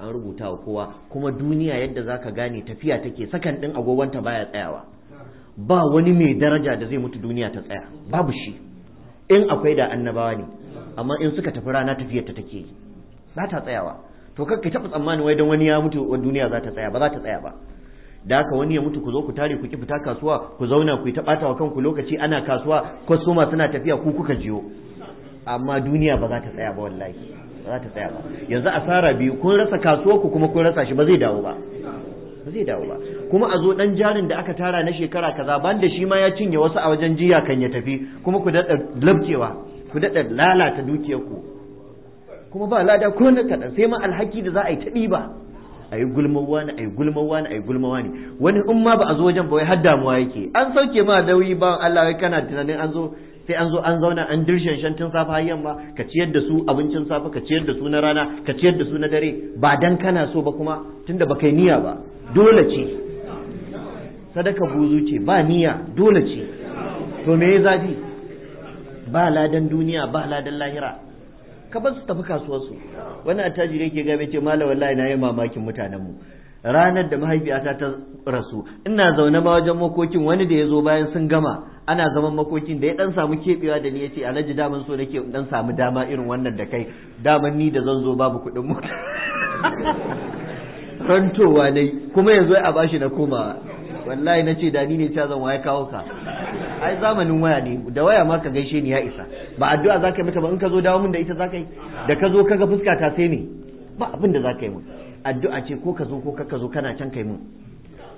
an rubuta wa kowa kuma duniya yadda zaka gane tafiya take sakan ɗin agogonta baya tsayawa ba wani mai daraja da zai mutu duniya ta tsaya babu shi in akwai da annabawa ne amma in suka tafi rana tafiyar ta take ba ta tsayawa to ka taɓa tsammani wai dan wani ya mutu wa duniya za ta tsaya ba za ta tsaya ba da haka wani ya mutu ku zo ku tare ku ki fita kasuwa ku zauna ku yi ta ɓata wa kanku lokaci ana kasuwa kwastoma suna tafiya ku kuka jiyo amma duniya ba za ta tsaya ba wallahi ba za ta tsaya ba yanzu asara biyu kun rasa kasuwa ku kuma kun rasa shi ba zai dawo ba ba zai dawo ba kuma a zo dan jarin da aka tara na shekara kaza ban da shi ma ya cinye wasu a wajen jiya kan ya tafi kuma ku daɗa labcewa ku daɗa lalata dukiyar ku kuma ba lada ko na kaɗan sai ma alhaki da za a yi ta ɗiba a yi gulman wani a yi gulmawa wani a yi gulmawa wani wani in ba a zo wajen ba wai har damuwa yake an sauke ma dauyi ba Allah wai kana tunanin an zo sai an zo an zauna an dirshen shan tun safa har yamma ka ciyar da su abincin safa, ka ciyar da su na rana ka ciyar da su na dare ba dan kana so ba kuma tunda ba kai niyya ba dole ce sadaka buzu ce ba niyya dole ce to me zafi ba ladan duniya ba ladan lahira ka bar su tafi kasuwar su wani attajiri yake ga ce malam wallahi na yi mamakin mutanen mu ranar da mahaifiyata ta rasu ina zaune ma wajen makokin wani da ya zo bayan sun gama ana zaman makokin da ya dan samu kebewa da ni yace alhaji daman so nake dan samu dama irin wannan da kai daman ni da zan zo babu kuɗin mota rantowa ne kuma yanzu a bashi na komawa wallahi na ce da ni ne ta zama waya kawo ka ai zamanin waya ne da waya ma ka gaishe ni ya isa ba addu'a za ka yi mata ba in ka zo dawo min da ita za ka yi da ka zo kaga fuska ta sai ne ba abin da za ka yi mun addu'a ce ko ka zo ko ka zo kana can kai mun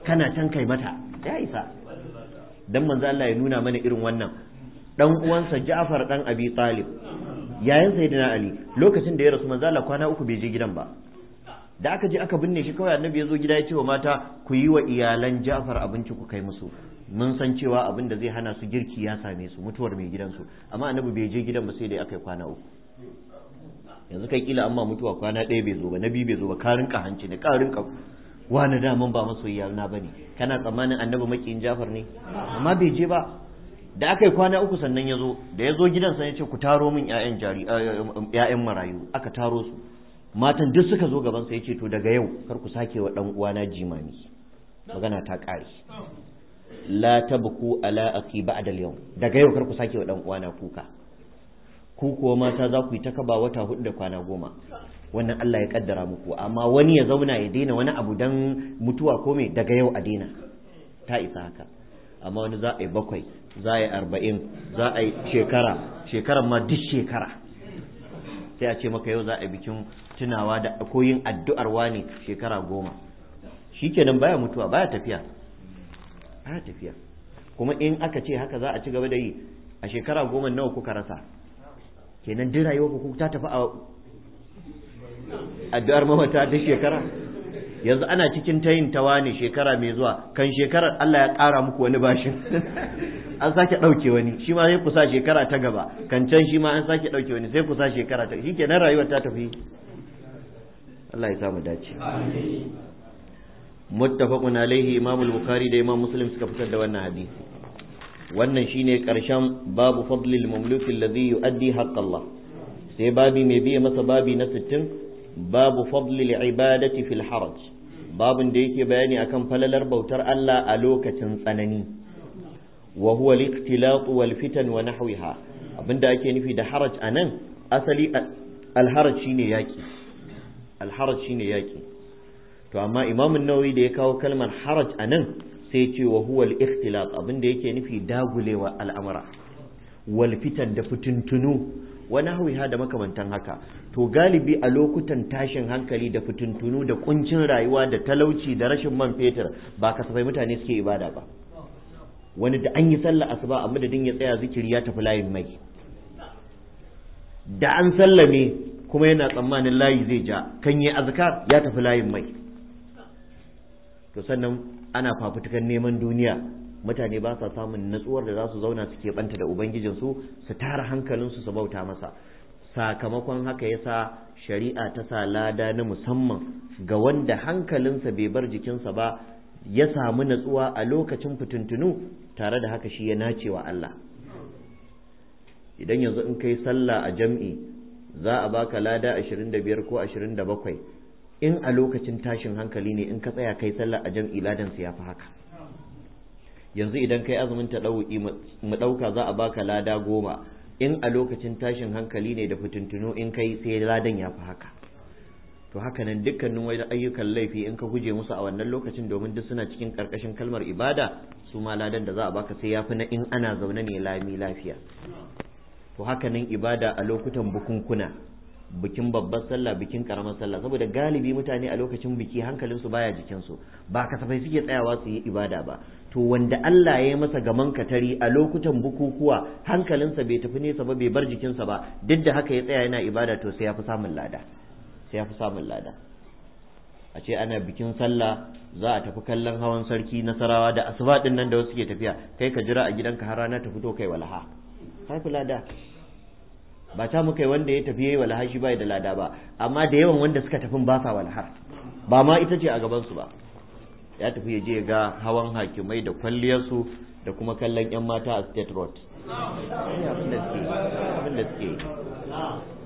kana can kai mata ya isa dan manzo Allah ya nuna mana irin wannan dan uwansa Ja'far dan Abi Talib yayin sayyidina Ali lokacin da ya rasu manzo Allah kwana uku bai je gidan ba da aka je aka binne shi kawai annabi ya zo gida ya ce wa mata ku yi wa iyalan Ja'far abinci ku kai musu mun san cewa abin da zai hana su girki ya same su mutuwar mai gidansu amma annabi bai je gidan ba sai da aka kwana uku yanzu kai kila amma mutuwa kwana ɗaya bai zo ba na biyu bai zo ba ka rinka hanci ne ka rinka wani daman ba masoyiya na bane kana tsammanin annabi makiyin Ja'far ne amma bai je ba da aka yi kwana uku sannan ya zo da ya zo gidan sai ya ce ku taro min 'ya'yan marayu aka taro su matan duk suka zo gaban sa yace to daga yau kar ku sake wa dan uwana jimami magana ta kare la tabku ala aqi ba'da al-yawm daga yau kar ku sake wa dan uwana kuka ku kuwa mata za ku yi ta kaba wata hudu da kwana goma wannan Allah ya kaddara muku amma wani ya zauna ya daina wani abu dan mutuwa ko me daga yau a daina ta isa haka amma wani za a yi bakwai za a yi arba'in za a yi shekara shekaran ma duk shekara sai a ce maka yau za a yi bikin tunawa da ko yin addu'ar wani shekara goma shikenan baya mutuwa baya tafiya baya tafiya kuma in aka ce haka za a ci gaba da yi a shekara goma nawa kuka rasa kenan duk rayuwar ku ta tafi a addu'ar mamata ta shekara yanzu ana cikin ta yin tawa ne shekara mai zuwa kan shekarar Allah ya ƙara muku wani bashin an sake ɗauke wani shi ma sai kusa shekara ta gaba kan can shi ma an sake ɗauke wani sai kusa shekara ta shi kenan rayuwar ta tafi Allah ya samu dace muttafaqun alaihi imam al-bukhari da imam muslim suka fitar da wannan hadisi wannan shine karshen babu fadlil mamluk alladhi yuaddi haqq Allah sai babi mai biye masa babi na 60 babu fadlil ibadati fil haraj babin da yake bayani akan falalar bautar Allah a lokacin tsanani wa huwa al-iqtilat wal fitan wa nahwiha abinda ake nufi da haraj anan asali al-haraj shine yaki alharaj shine yaki to amma imam an-nawawi da ya kawo kalmar haraj a nan sai ce wa huwa al ikhtilaf abin da yake nufi dagulewa al'amura wal fitan da fituntunu. wani hawiha da makamantan haka to galibi a lokutan tashin hankali da fituntunu da kuncin rayuwa da talauci da rashin man fetur ba kasafai mutane suke ibada ba wani da an yi sallah asuba a madadin ya tsaya zikiri ya tafi layin mai da an sallame kuma yana tsammanin layi zai ja kan yi azkar ya tafi layin mai to sannan ana fafutukan neman duniya mutane ba sa samun natsuwar da za su zauna suke banta da ubangijinsu su tara hankalinsu su bauta masa sakamakon haka yasa shari'a ta sa lada na musamman ga wanda hankalinsa bai bar jikinsa ba ya samu natsuwa a lokacin fitintunu tare da haka shi ya nacewa Allah idan yanzu in kai sallah a jam'i za a baka lada 25 ko 27 in a lokacin tashin hankali ne in ka tsaya kai sallah a jam'i ladan su ya fi haka yanzu idan kai azumin ta dauki mu dauka za a baka lada goma in a lokacin tashin hankali ne da fitintunu in kai sai ladan ya fi haka to haka nan dukkanin wani ayyukan laifi in ka guje musu a wannan lokacin domin duk suna cikin karkashin kalmar ibada su ma ladan da za a baka sai ya fi na in ana zaune ne lami lafiya to nan ibada a lokutan bukunkuna bikin babbar sallah bikin karamar sallah saboda galibi mutane a lokacin biki hankalinsu baya jikinsu ba kasafai suke tsayawa su yi ibada ba to wanda Allah ya yi masa gaman katari a lokutan bukukuwa hankalinsa bai tafi nesa ba bai bar jikinsa ba duk da haka ya tsaya yana ibada to sai ya fi samun lada sai ya fi samun lada a ce ana bikin sallah za a tafi kallon hawan sarki nasarawa da asuba din nan da wasu ke tafiya kai ka jira a gidanka har rana ta fito kai walaha kai lada ba ta muka yi wanda ya tafi yayi walha ba bai da lada ba amma da yawan wanda suka tafi ba sa walha ba ma ita ce a gaban su ba ya tafi ya je ga hawan hakimai da kwalliyar su da kuma kallon yan mata a state road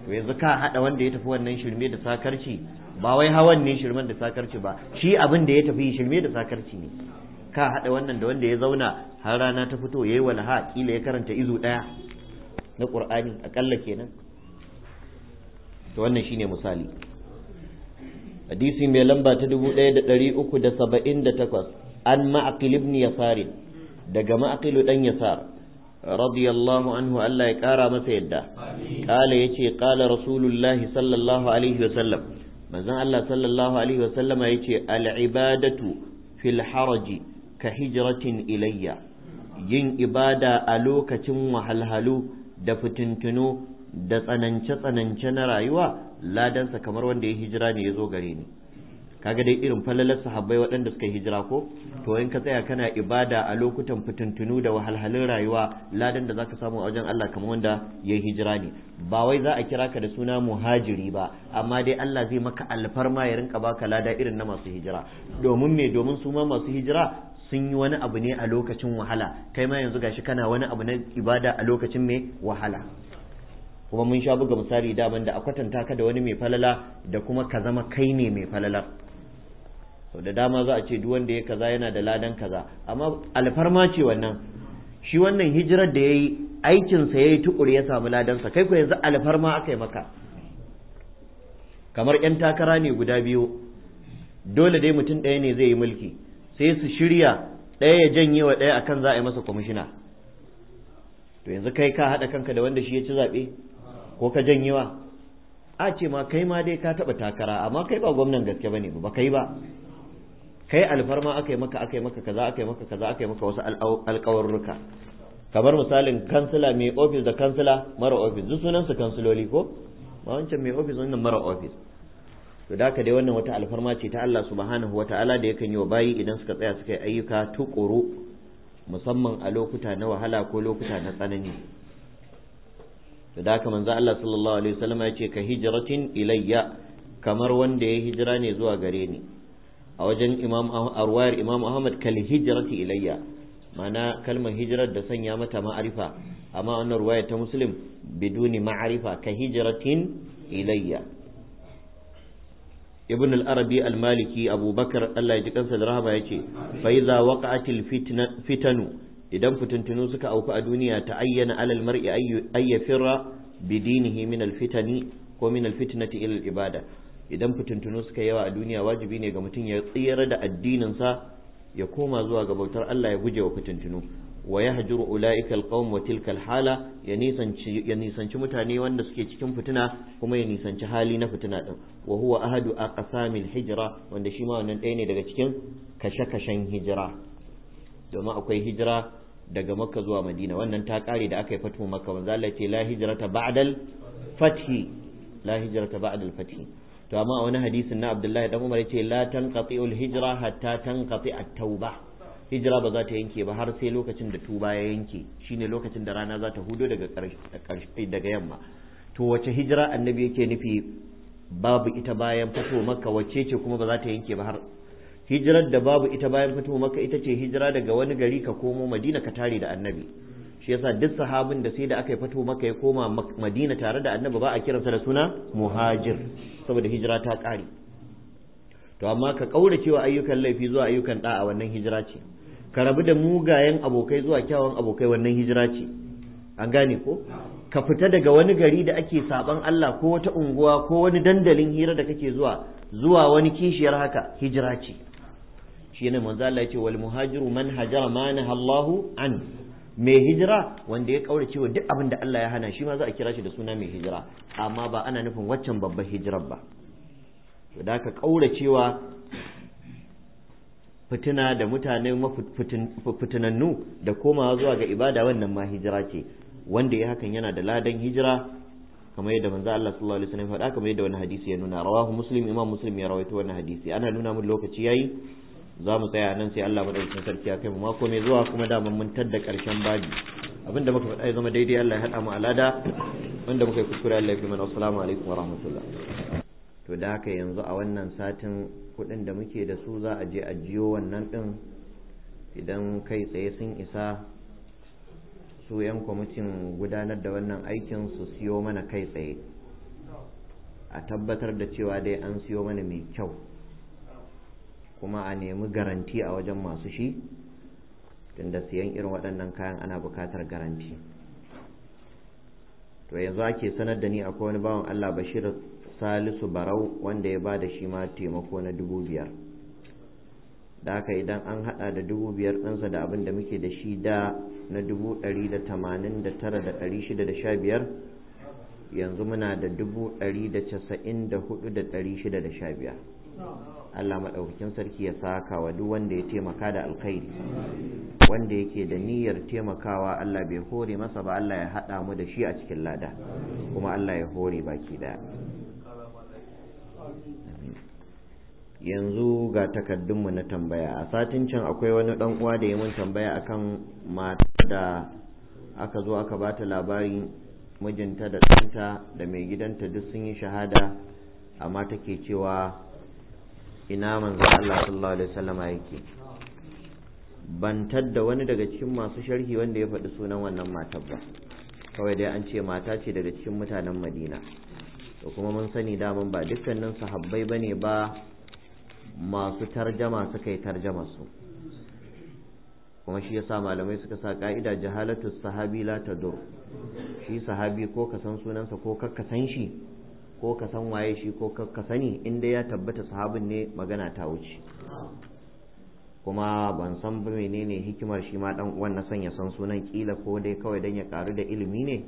yanzu ka hada wanda ya tafi wannan shirme da sakarci ba wai hawan ne shirmen da sakarci ba shi abin da ya tafi shirme da sakarci ne ka hada wannan da wanda ya zauna har rana ta fito yayi walha kila ya karanta izu daya na ƙur'ani aƙalla kenan to wannan shine misali hadisi mai lamba ta 1378 an ma'aqil ibn yasar daga ma'aqilu dan yasar radiyallahu anhu Allah ya kara masa yadda kala yace kala rasulullahi sallallahu alaihi wa sallam manzon Allah sallallahu alaihi wa sallam yace al ibadatu fil haraji ka hijratin ilayya yin ibada a lokacin wahalhalu da fitintunu da tsanance-tsanance na rayuwa ladansa kamar wanda ya hijira ne ya zo gare ni kaga dai irin falalar sahabbai waɗanda suka hijira ko to in ka tsaya kana ibada a lokutan fitintunu da wahalhalun rayuwa ladan da zaka samu a wajen Allah kamar wanda ya hijira ne ba wai za a kira ka da suna muhajiri ba amma dai Allah zai maka alfarma ya rinka baka lada irin na masu hijira domin me domin su ma masu hijira sun yi wani abu ne a lokacin wahala kai ma yanzu gashi kana wani abu na ibada a lokacin mai wahala kuma mun sha buga misali da da a kwatanta ka da wani mai falala da kuma ka zama kai ne mai falala sau da dama za a ce duk wanda ya kaza yana da ladan kaza amma alfarma ce wannan shi wannan hijirar da ya yi aikinsa ya yi tukur ya samu ladansa kai ku yanzu alfarma aka yi maka kamar 'yan takara ne guda biyu dole dai mutum ɗaya ne zai yi mulki sai su shirya ɗaya ya janye wa ɗaya akan za a yi masa kwamishina to yanzu kai ka haɗa kanka da wanda shi ya ci zaɓe ko ka janyewa a ce ma kai ma dai ka taɓa takara amma kai ba gwamnan gaske ba ne ba kai ba kai alfarma aka yi maka aka yi maka kaza aka yi maka kaza aka yi maka wasu alƙawarruka kamar misalin kansila mai ofis da kansila mara ofis duk sunansu kansiloli ko ba wancan mai ofis wannan mara ofis to da haka dai wannan wata alfarma ce ta Allah subhanahu wata'ala da yakan yi wa bayi idan suka tsaya suka yi ayyuka tukuru musamman a lokuta na wahala ko lokuta na tsanani to da haka manzo Allah sallallahu alaihi wasallam ya ce ka hijratin ilayya kamar wanda ya hijira ne zuwa gare ni a wajen imam Arwar imam ahmad kal hijrati ilayya mana kalmar hijirar da sanya mata ma'arifa amma wannan ruwaya ta muslim biduni ma'arifa ka hijratin ilayya ibn al-arabi al-maliki abubakar Allah ya ji kansa da rahama ya ce iza waqa'atil fitanu idan fitintunu suka auku a duniya ta ayyana alal mar'i ayya firra bi dinihi min al-fitani ko min al-fitnati ila al-ibada idan fitintunu suka yawa a duniya wajibi ne ga mutum ya tsira da addinin sa ya koma zuwa ga bautar Allah ya guje wa fitintunu waya yahjuru ulaika alqawm wa tilka alhala ya nisanci ya nisanci mutane wanda suke cikin fitina kuma ya nisanci hali na fitina din wa huwa ahadu aqsamil hijra wanda shi ma wannan ɗaya ne daga cikin kashe-kashen hijira domin akwai hijira daga makka zuwa madina wannan ta kare da aka yi fatu makka manzo Allah ce la hijrata ba'dal fathi la hijrata ba'dal fathi to amma a wani hadisin na Abdullahi dan Umar yace la hijira hijra hatta tanqati at-tauba hijira ba za ta yanke ba har sai lokacin da tuba ya yanke shine lokacin da rana za ta hudo daga yamma to wace hijira annabi yake nufi babu ita bayan fito maka wace ce kuma ba za ta yanke ba har hijirar da babu ita bayan fito maka ita ce hijira daga wani gari ka komo madina ka tare da annabi shi yasa duk sahabin da sai da aka yi fito maka ya koma madina tare da annabi ba a kiransa da suna muhajir saboda hijira ta kare to amma ka kaurace wa ayyukan laifi zuwa ayyukan da'a wannan hijira ce ka rabu da mugayen abokai zuwa kyawawan abokai wannan hijira ce an gane ko ka fita daga wani gari da ake saban Allah ko wata unguwa ko wani dandalin hira da kake zuwa zuwa wani kishiyar haka hijira ce shi ne manzo Allah ya ce wal muhajiru man hajara Allahu an mai hijira wanda ya kaura cewa duk abin da Allah ya hana shi ma za a kira shi da suna mai hijira amma ba ana nufin waccan babbar hijirar ba to da ka kaura cewa fitina da mutane fitinannu da komawa zuwa ga ibada wannan ma hijira ce wanda ya hakan yana da ladan hijira kamar yadda manzo Allah sallallahu alaihi wasallam faɗa kamar yadda wannan hadisi ya nuna rawahu muslim imam muslim ya rawaito wannan hadisi ana nuna mun lokaci yayi za mu tsaya nan sai Allah madaukakin sarki ya kai mu mako mai zuwa kuma da mun da karshen babi abinda muka faɗa ya zama daidai Allah ya haɗa mu alada wanda muka yi kuskure Allah ya fi mana assalamu alaikum wa rahmatullah to da haka yanzu a wannan satin kudin da muke da su za a je a jiyo wannan din idan kai tsaye sun isa su 'yan kwamitin gudanar da wannan aikin su siyo mana kai tsaye a tabbatar da cewa dai an siyo mana mai kyau kuma a nemi garanti a wajen masu shi tunda siyan irin waɗannan kayan ana buƙatar garanti. to yanzu ake sanar da ni akwai wani bawan Allah Bashir Salisu Barau wanda ya bada shi ma taimako na dubu biyar da haka idan an hada da dubu biyar ɗinsa da abin da muke da shi da na dubu ɗari da tamanin da tara da ɗari shida da sha biyar yanzu muna da dubu ɗari da casa'in da hudu da ɗari shida da sha biyar Allah maɗaukakin sarki ya saka wa duk wanda ya taimaka da alkhairi wanda yake da niyyar taimakawa Allah bai hore masa ba Allah ya haɗa mu da shi a cikin lada kuma Allah ya hore baki ɗaya. yanzu ga takaddunmu na tambaya a satin can akwai wani ɗan uwa da ya mun tambaya akan mata da aka zo aka bata labarin mijinta da ɗanta da mai gidanta duk sun yi shahada amma take cewa ina manzon Allah sallallahu alaihi wasallama yake ban tadda wani daga cikin masu sharhi wanda ya faɗi sunan wannan matar ba kawai dai an ce mata ce daga cikin mutanen madina to kuma mun sani daman ba dukkanin sahabbai bane ba masu tarjama suka yi tarjama su kuma shi yasa malamai suka sa ka'ida jahalatu sahabi la tadur shi sahabi ko ka san sunansa ko kakka san shi ko ka san waye shi ko ka sani inda ya tabbata sahabin ne magana ta wuce kuma ban san menene hikimar shi ma dan uwan na ya san sunan kila ko dai kawai dan ya karu da ilimi ne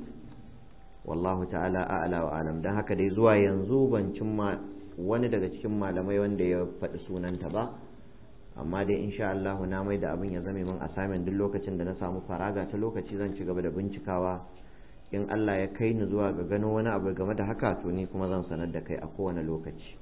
wallahu ta'ala a'la wa alam dan haka dai zuwa yanzu ban cimma wani daga cikin malamai wanda ya faɗi sunanta ba amma dai insha Allah na mai da abin ya zame min assignment duk lokacin da na samu faraga ta lokaci zan ci gaba da bincikawa in Allah ya kai ni zuwa ga ganin wani abu game da haka to ni kuma zan sanar da kai a kowane lokaci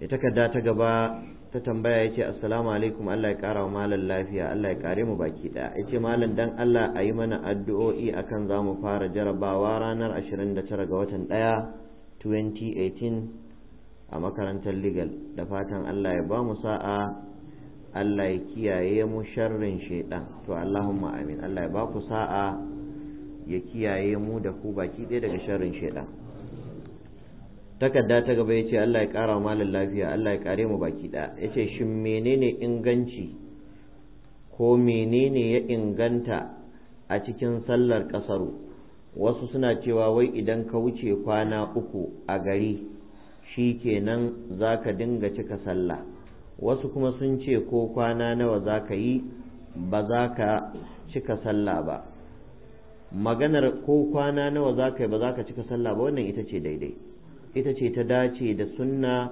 da takarda ta gaba ta tambaya ya ce assalamu alaikum Allah ya kara wa malam lafiya Allah ya kare mu baki daya ce malam dan Allah a yi mana addu'o'i akan za mu fara jarabawa ranar 29 ga watan 1 2018 a makarantar legal da fatan Allah ya ba mu sa'a Allah ya kiyaye mu sharrin shaidan to Allahumma amin Allah ya baku sa'a ya kiyaye mu da ku baki ɗaya daga sharrin shaidan takarda ta gaba yace Allah ya ƙara malin lafiya Allah ya ƙare mu baki ɗaya yace shin menene inganci ko menene ya inganta a cikin sallar ƙasaru wasu suna cewa wai idan ka wuce kwana uku a gari shi kenan za dinga cika sallah wasu kuma sun ce ko kwana nawa za ka yi ba za ka cika sallah ba maganar ko kwana nawa za ka yi ba za ka cika sallah ba wannan ita ce daidai ita ce ta dace da sunna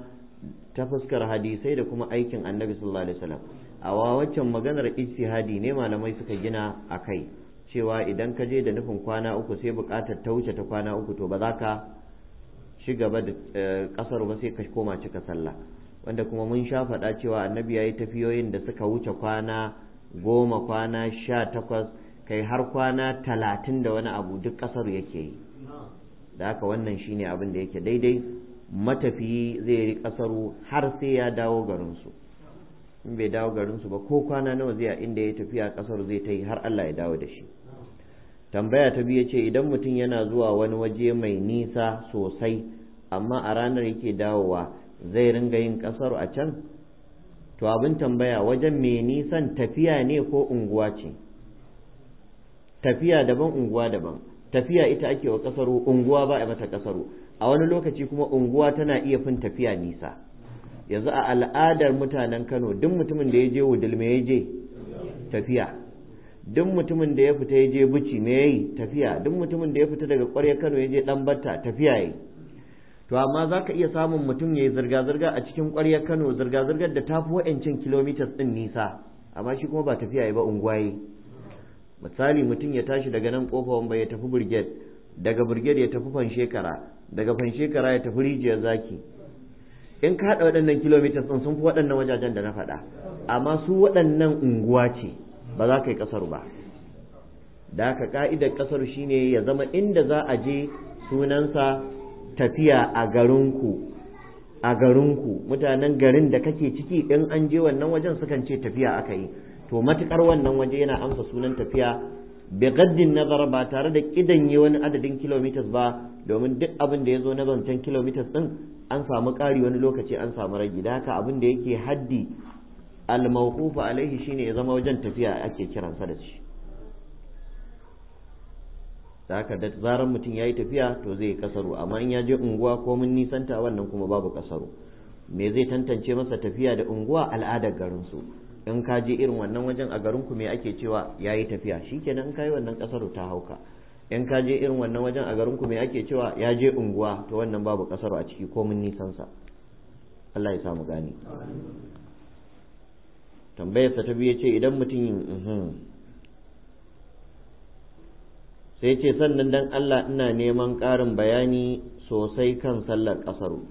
ta fuskar hadisai da kuma aikin annabi sallallahu alaihi wasallam a waccan maganar ijtihadi ne malamai suka gina a kai cewa idan ka je da nufin kwana uku sai bukatar ta wuce ta kwana uku to ba za ka ci gaba da eh, kasar ba sai ka koma cika sallah wanda kuma mun sha faɗa cewa annabi ya yi tafiyoyin da suka wuce kwana goma kwana sha takwas kai har kwana talatin da wani abu duk ƙasar yake yi da haka wannan shine abin da yake daidai matafiyi zai yi ƙasaru har sai ya dawo garinsu in bai dawo garinsu ba ko kwana nawa zai a inda ya tafiya ƙasar zai ta yi har Allah ya dawo da shi tambaya ta biyu ce idan mutum yana zuwa wani waje mai nisa sosai amma a ranar yake dawowa zai ringa yin kasar a can to abin tambaya wajen me nisan tafiya ne ko unguwa ce tafiya daban unguwa daban tafiya ita ake wa kasaru unguwa ba a mata kasaru a wani lokaci kuma unguwa tana iya fin tafiya nisa yanzu a al'adar mutanen kano duk mutumin da ya je wudil me ya je tafiya duk mutumin da ya fita ya je buci me ya yi tafiya duk mutumin da ya fita daga kwarya kano ya je dan batta tafiya ya yi to amma za ka iya samun mutum ya yi zirga-zirga a cikin ƙwaryar kano zirga-zirgar da ta fi wa'ancin kilomitas ɗin nisa amma shi kuma ba tafiya ya ba unguwaye misali mutum ya tashi daga nan ƙofa bai ya tafi birgit daga birgit ya tafi fanshekara daga fanshekara ya tafi rijiyar zaki in ka haɗa waɗannan kilomitas ɗin sun fi waɗannan wajajen da na faɗa amma su waɗannan unguwa ce ba za ka yi ƙasar ba da haka ka'idar ƙasar shine ya zama inda za a je sunansa tafiya a garinku a garinku mutanen garin da kake ciki in an je wannan wajen sukan ce tafiya aka yi to matukar wannan waje yana amsa sunan tafiya bi gaddin nazar ba tare da yi wani adadin kilomitas ba domin duk abin da ya zo na zancen kilomitas din an samu ƙari wani lokaci an samu ragi da haka abin da yake haddi al alaihi shine ya zama wajen tafiya ake kiransa da shi da haka da zaran mutum ya yi tafiya to zai kasaro amma in ya je unguwa ko mun nisanta wannan kuma babu kasaro me zai tantance masa tafiya da unguwa al'adar garinsu in ka je irin wannan wajen a garinku me ake cewa ya yi tafiya shikenan in ka yi wannan kasaro ta hauka in ka je irin wannan wajen a garinku me ake cewa ya je unguwa to wannan babu kasaro a ciki ko mun nisansa Allah ya samu gani tambayarsa ta biyu ce idan mutum uhm, sai ce sannan dan Allah ina neman ƙarin bayani sosai kan sallar ƙasaru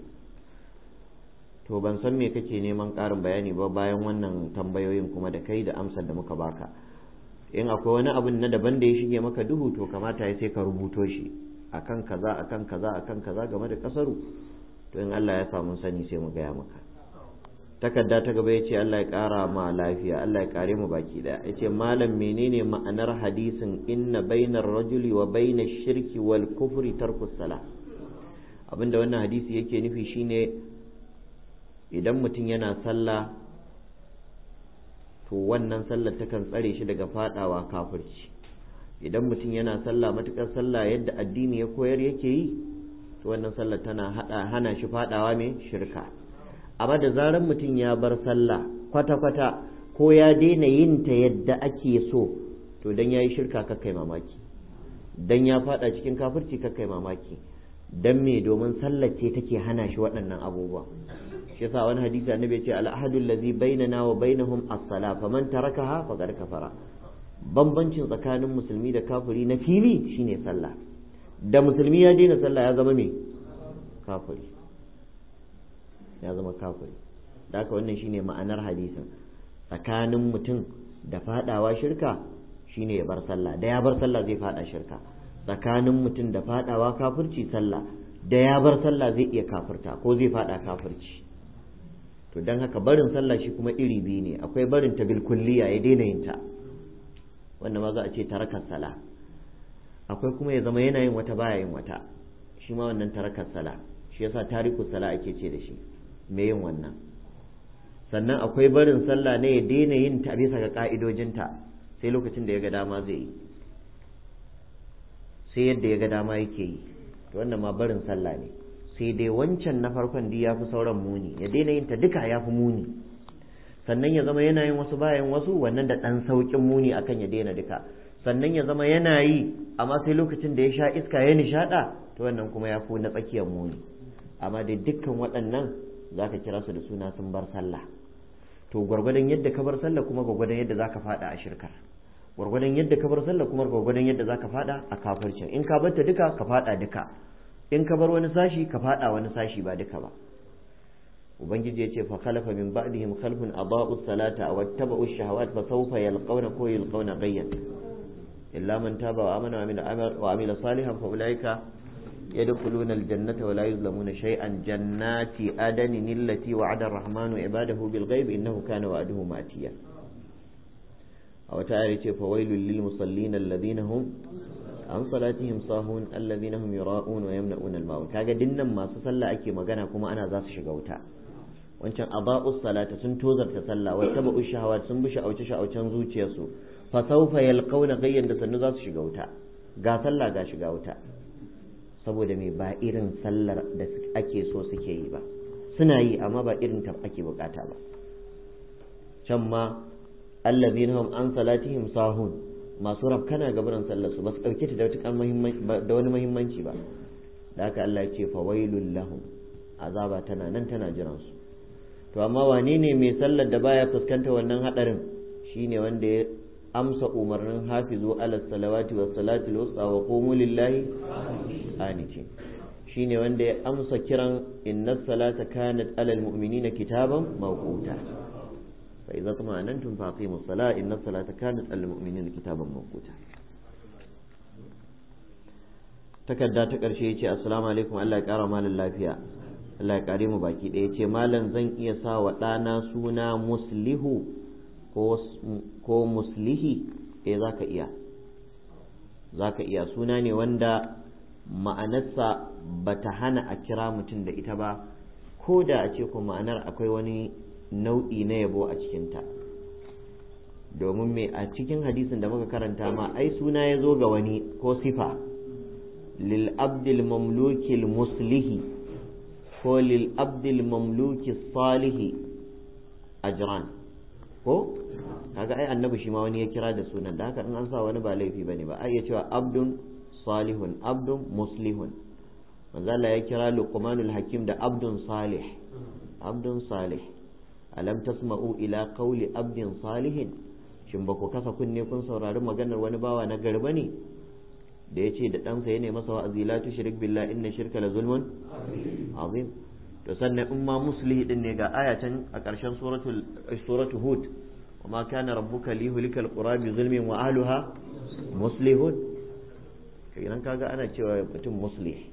to ban san me kake neman ƙarin bayani ba bayan wannan tambayoyin kuma da kai da amsar da muka baka in akwai wani abu na daban da ya shige maka duhu to kamata ya sai ka rubuto shi akan kaza akan kaza akan kaza game da ƙasaru to in Allah ya samu sani sai mu gaya maka takarda ta gaba yace Allah ya kara ma lafiya Allah ya kare mu baki daya yace malam menene ma'anar hadisin inna bainar rajuli wa bainash shirki wal kufri tarkus sala abinda wannan hadisi yake nufi shine idan mutum yana sallah to wannan sallar takan tsare shi daga fadawa kafirci idan mutum yana sallah matukar sallah yadda addini ya koyar yake yi to wannan sallar tana hana shi fadawa mai shirka amma da zarar mutum ya bar sallah kwata-kwata ko ya daina yin ta yadda ake so to dan yayi shirka kakai mamaki dan ya fada cikin kafirci kai mamaki dan me domin sallah ce take hana shi waɗannan abubuwa shi yasa wani hadisi annabi ya ce al-ahadu allazi bainana wa bainahum as-sala faman tarakaha faqad kafara bambancin tsakanin musulmi da kafiri na fili shine sallah da musulmi ya daina sallah ya zama me kafiri ya zama kafiri da haka wannan shine ma'anar hadisin tsakanin mutum da fadawa shirka shine ya bar sallah da ya bar sallah zai fada shirka tsakanin mutum da fadawa kafirci sallah da ya bar sallah zai iya kafirta ko zai fada kafirci to don haka barin sallah shi kuma iri biyu ne akwai barin ta bilkulliya ya daina yin ta wannan ma za a ce tarakar sala akwai kuma ya zama yana yin wata baya yin wata shi ma wannan tarakar sala shi yasa tariku sala ake ce da shi me yin wannan sannan akwai barin sallah ne ya daina yin ta bisa ga ka'idojinta sai lokacin da ya ga dama zai yi sai yadda ya ga dama yake yi to wannan ma barin sallah ne sai dai wancan na farkon di ya fi sauran muni ya daina yin ta duka ya fi muni sannan ya zama yana yin wasu bayan wasu wannan da ɗan sauƙin muni akan ya daina duka sannan ya zama yana yi amma sai lokacin da ya sha iska ya nishaɗa to wannan kuma ya fi na tsakiyar muni amma dai dukkan waɗannan za ka kira su da suna sun bar sallah to gwargwadon yadda ka bar sallah kuma gwargwadon yadda za ka fada a shirkar gwargwadon yadda ka bar sallah kuma gwargwadon yadda za ka fada a kafircin in ka barta duka ka fada duka in ka bar wani sashi ka fada wani sashi ba duka ba ubangiji ya ce fa khalafa min ba'dihim khalfun adaa'u salata wa ittaba'u shahawat fa sawfa yalqawna ko yalqawna ghayyan illa man taba wa amana wa amila salihan fa ulaika يدخلون الجنة ولا يظلمون شيئا جنات أدن التي وعد الرحمن عباده بالغيب إنه كان وعده مأتيا أو تعالى فويل للمصلين الذين هم عن صلاتهم صاهون الذين هم يراءون ويمنعون الماء كاجا دينن ما صلى أكي مغانا كما أنا ذا شغوتا wancan aba'u salata sun tozarta sallah wa tabu shahawat sun bi sha'auce sha'aucen zuciyarsu fa sawfa yalqawna ghayyan da sannu za su shiga wuta ga sallah ga shiga wuta saboda mai ba irin sallar da ake so suke yi ba suna yi amma ba irin ta ake bukata ba can ma allazina hum an salatihim sahun masu rafkana gaburan sallar su ba su dauke ta da wani muhimmanci ba da haka Allah ya ce fawailul lahum azaba tana nan tana jiran su to amma wane ne mai sallar da baya fuskanta wannan hadarin shine wanda ya amsa umarnin hafizu ala salawati was salati al wa qumu lillahi qanitin shine wanda ya amsa kiran inna salata kanat ala almu'minina kitaban mawquta fa idza tuma'anantum aqimu salata inna salata kanat ala almu'minina kitaban mawquta takarda ta karshe ya ce assalamu alaikum Allah ya kara malin lafiya Allah ya kare mu baki daya ce malam zan iya sa wa dana suna muslihu ko muslihi e za ka iya za iya suna ne wanda ma'anarsa ba ta hana a kira mutum da ita ba ko da a ce ku ma'anar akwai wani nau'i na yabo a cikinta domin mai a cikin hadisin da muka karanta ma ai suna ya zo ga wani ko sifa lil abdil mamlukil muslihi ko lil abdil mamluki salihi ajran ko kaga ai annabi shi ma wani ya kira da sunan da haka in an sa wani ba laifi bane ba ai ya cewa abdun salihun abdun muslihun manzo Allah ya kira luqmanul hakim da abdun salih abdun salih alam tasma'u ila qawli abdin salihin shin ba ku kasa kunne kun saurari maganar wani bawa na garba ne da ya ce da ɗansa ya masa wa'azi la tushrik billah inna shirka la zulmun azim to sannan in ma muslihi din ne ga ayatan a ƙarshen suratul suratu hud وما كان ربك ليهلك القرى بظلم واهلها مصلحون kenan kaga ana cewa mutum muslih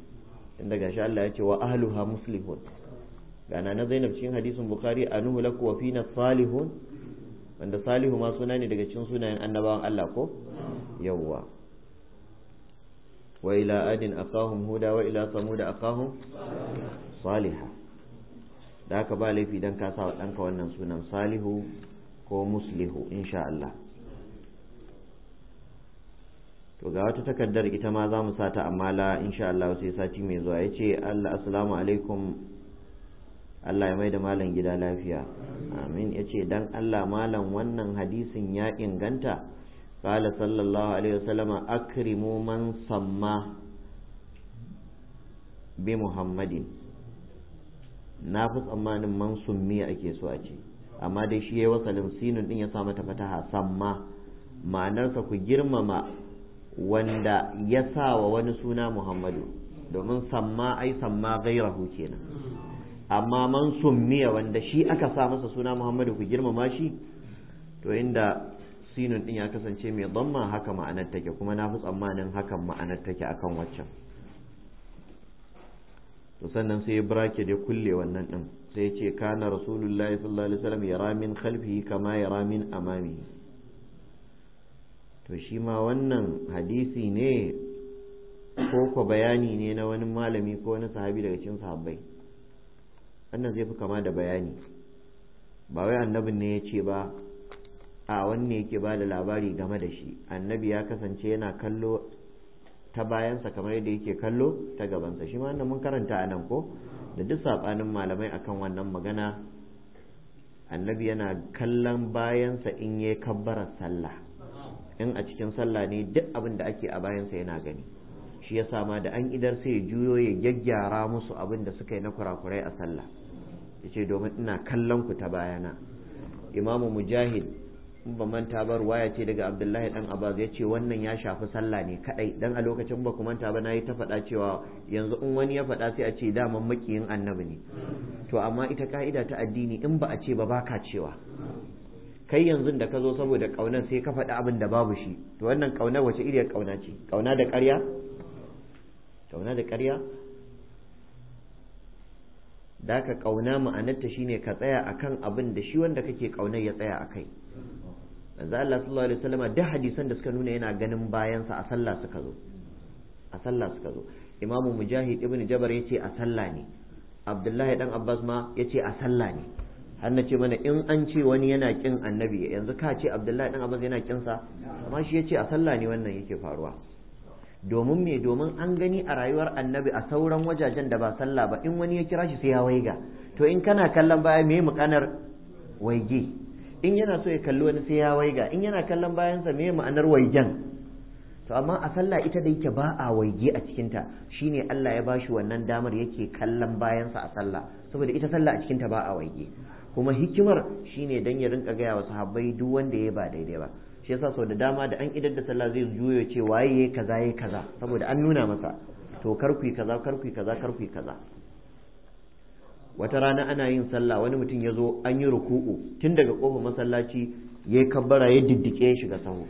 inda gashi Allah ya ce wa ahluha muslihun gana na Zainab cikin hadisin Bukhari anuhu laku wa fina salihun wanda salihu ma suna ne daga cikin sunayen annabawan Allah ko yawwa wa ila adin akahum huda wa ila samud akahum salihah da haka ba laifi dan ka sa wa danka wannan sunan salihu ko muslihu insha Allah to ga wata takardar ita ma za mu ta amma la insha Allah sai sati mai zuwa ya ce Allah assalamu alaikum Allah ya mai da malam gida lafiya amin ya ce dan Allah malam wannan hadisin ya inganta qala sallallahu alaihi wasallama akrimu man samma bi muhammadin na fi tsammanin man summi ake so a ce amma dai shi ya wasalin sinun din ya sa mata fataha samma ma'anarsa ku girmama wanda ya sa wa wani suna Muhammadu domin samma ai samma gairahu kenan amma man summiya wanda shi aka sa masa suna Muhammadu ku girmama shi to inda sinun din ya kasance mai damma haka ma'anar take kuma na fi tsammanin hakan ma'anar take akan waccan to sannan sai ya brake da kulle wannan din sai ce kana rasulullahi sallallahu alaihi wasallam yara min khalfihi kama yara min amami to shi ma wannan hadisi ne ko ko bayani ne na wani malami ko wani sahabi daga cikin sahabbai wannan zai fi kama da bayani ba wai annabin ne ya ce ba a wanne yake ba da labari game da shi annabi ya kasance yana kallo ta bayansa kamar yadda yake kallo ta gabansa shi ma wannan mun karanta anan ko da duk saɓanin malamai akan wannan magana annabi yana kallon bayansa in yayi kabbara sallah in a cikin sallah ne duk abin da ake a bayansa yana gani shi ya sama da an idar sai ya juyo ya gyaggyara musu abin da suka yi na kurakurai a sallah ya ce domin ina kallon ku ta bayana imamu mujahid ba manta ba ruwaya ce daga abdullahi dan abaz ya ce wannan ya shafi sallah ne kadai dan a lokacin ba ku manta ba na yi ta faɗa cewa yanzu in wani ya faɗa sai a ce daman makiyin annabi ne to amma ita ka'ida ta addini in ba a ce ba baka cewa kai yanzu da ka zo saboda ƙaunar sai ka faɗi abin da babu shi to wannan ƙaunar wace iriyar ƙauna ce ƙauna da ƙarya kauna da ƙarya da ka ƙauna ma'anarta shine ka tsaya akan abin da shi wanda kake ƙaunar ya tsaya a kai manzo Allah sallallahu alaihi wasallam da hadisan da suka nuna yana ganin bayansa a sallah suka zo a sallah suka zo imamu mujahid ibn jabar yace a sallah ne abdullahi dan abbas ma yace a sallah ne har na ce mana in an ce wani yana kin annabi yanzu ka ce abdullahi dan abbas yana kin sa amma shi yace a sallah ne wannan yake faruwa domin me domin an gani a rayuwar annabi a sauran wajajen da ba sallah ba in wani ya kira shi sai ya waiga to in kana kallon baya me mukanar waige in yana so ya kalli wani sai ya waiga in yana kallon bayan sa me ma'anar waigen to amma a sallah ita da yake ba a waige a cikinta shine Allah ya bashi wannan damar yake kallon bayansa a sallah saboda ita sallah a cikinta ba a waige kuma hikimar shine dan ya rinka gaya wa sahabbai duk wanda ya ba daidai ba shi yasa sau da dama da an idar da sallah zai juyo ce waye kaza yayi kaza saboda an nuna masa to karku kaza karku kaza karku kaza wata rana ana yin sallah wani mutum ya zo an yi ruku'u tun daga kofar masallaci ya yi kabbara ya diddike shi shiga sahu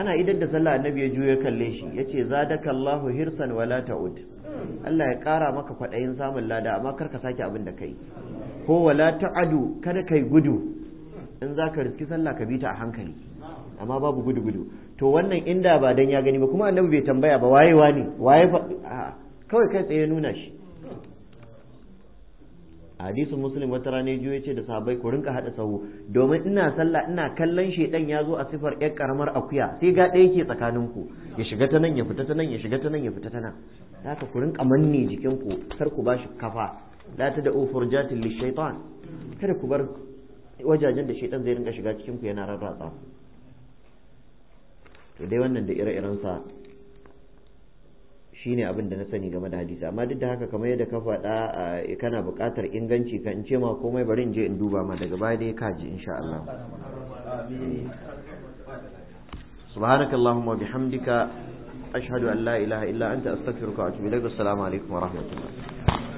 ana idan da sallah annabi ya juyo kalle shi ya ce za da kallahu hirsan wala ta'ud Allah ya kara maka kwaɗayin samun lada amma kar ka sake abin da kai ko wala ta'adu kada kai gudu in za ka riski sallah ka bi ta a hankali amma babu gudu gudu to wannan inda ba dan ya gani ba kuma annabi bai tambaya ba wayewa ne waye kawai kai tsaye nuna shi hadisin muslim wata rana ya ce da sahabbai ku rinka hada sahu domin ina sallah ina kallon shedan ya zo a sifar yar karamar akuya sai ga ɗaya ke tsakanin ku ya shiga ta nan ya fita ta nan ya shiga ta nan ya fita ta nan haka ku rinka manne jikin ku kar ku bashi kafa la ta da ufurjatin lishaitan kada ku bar wajajen da shedan zai rinka shiga cikin ku yana rarratsa to dai wannan da ire-irensa shi ne abin da na sani game da hadisi amma duk da haka kamar yadda ka faɗa eh, kana buƙatar inganci ka in ce ma komai bari in je in duba ma daga baya dai ka ji insha Allah سبحانك اللهم وبحمدك أشهد أن لا illa anta أنت أستغفرك وأتوب إليك assalamu alaikum wa rahmatullah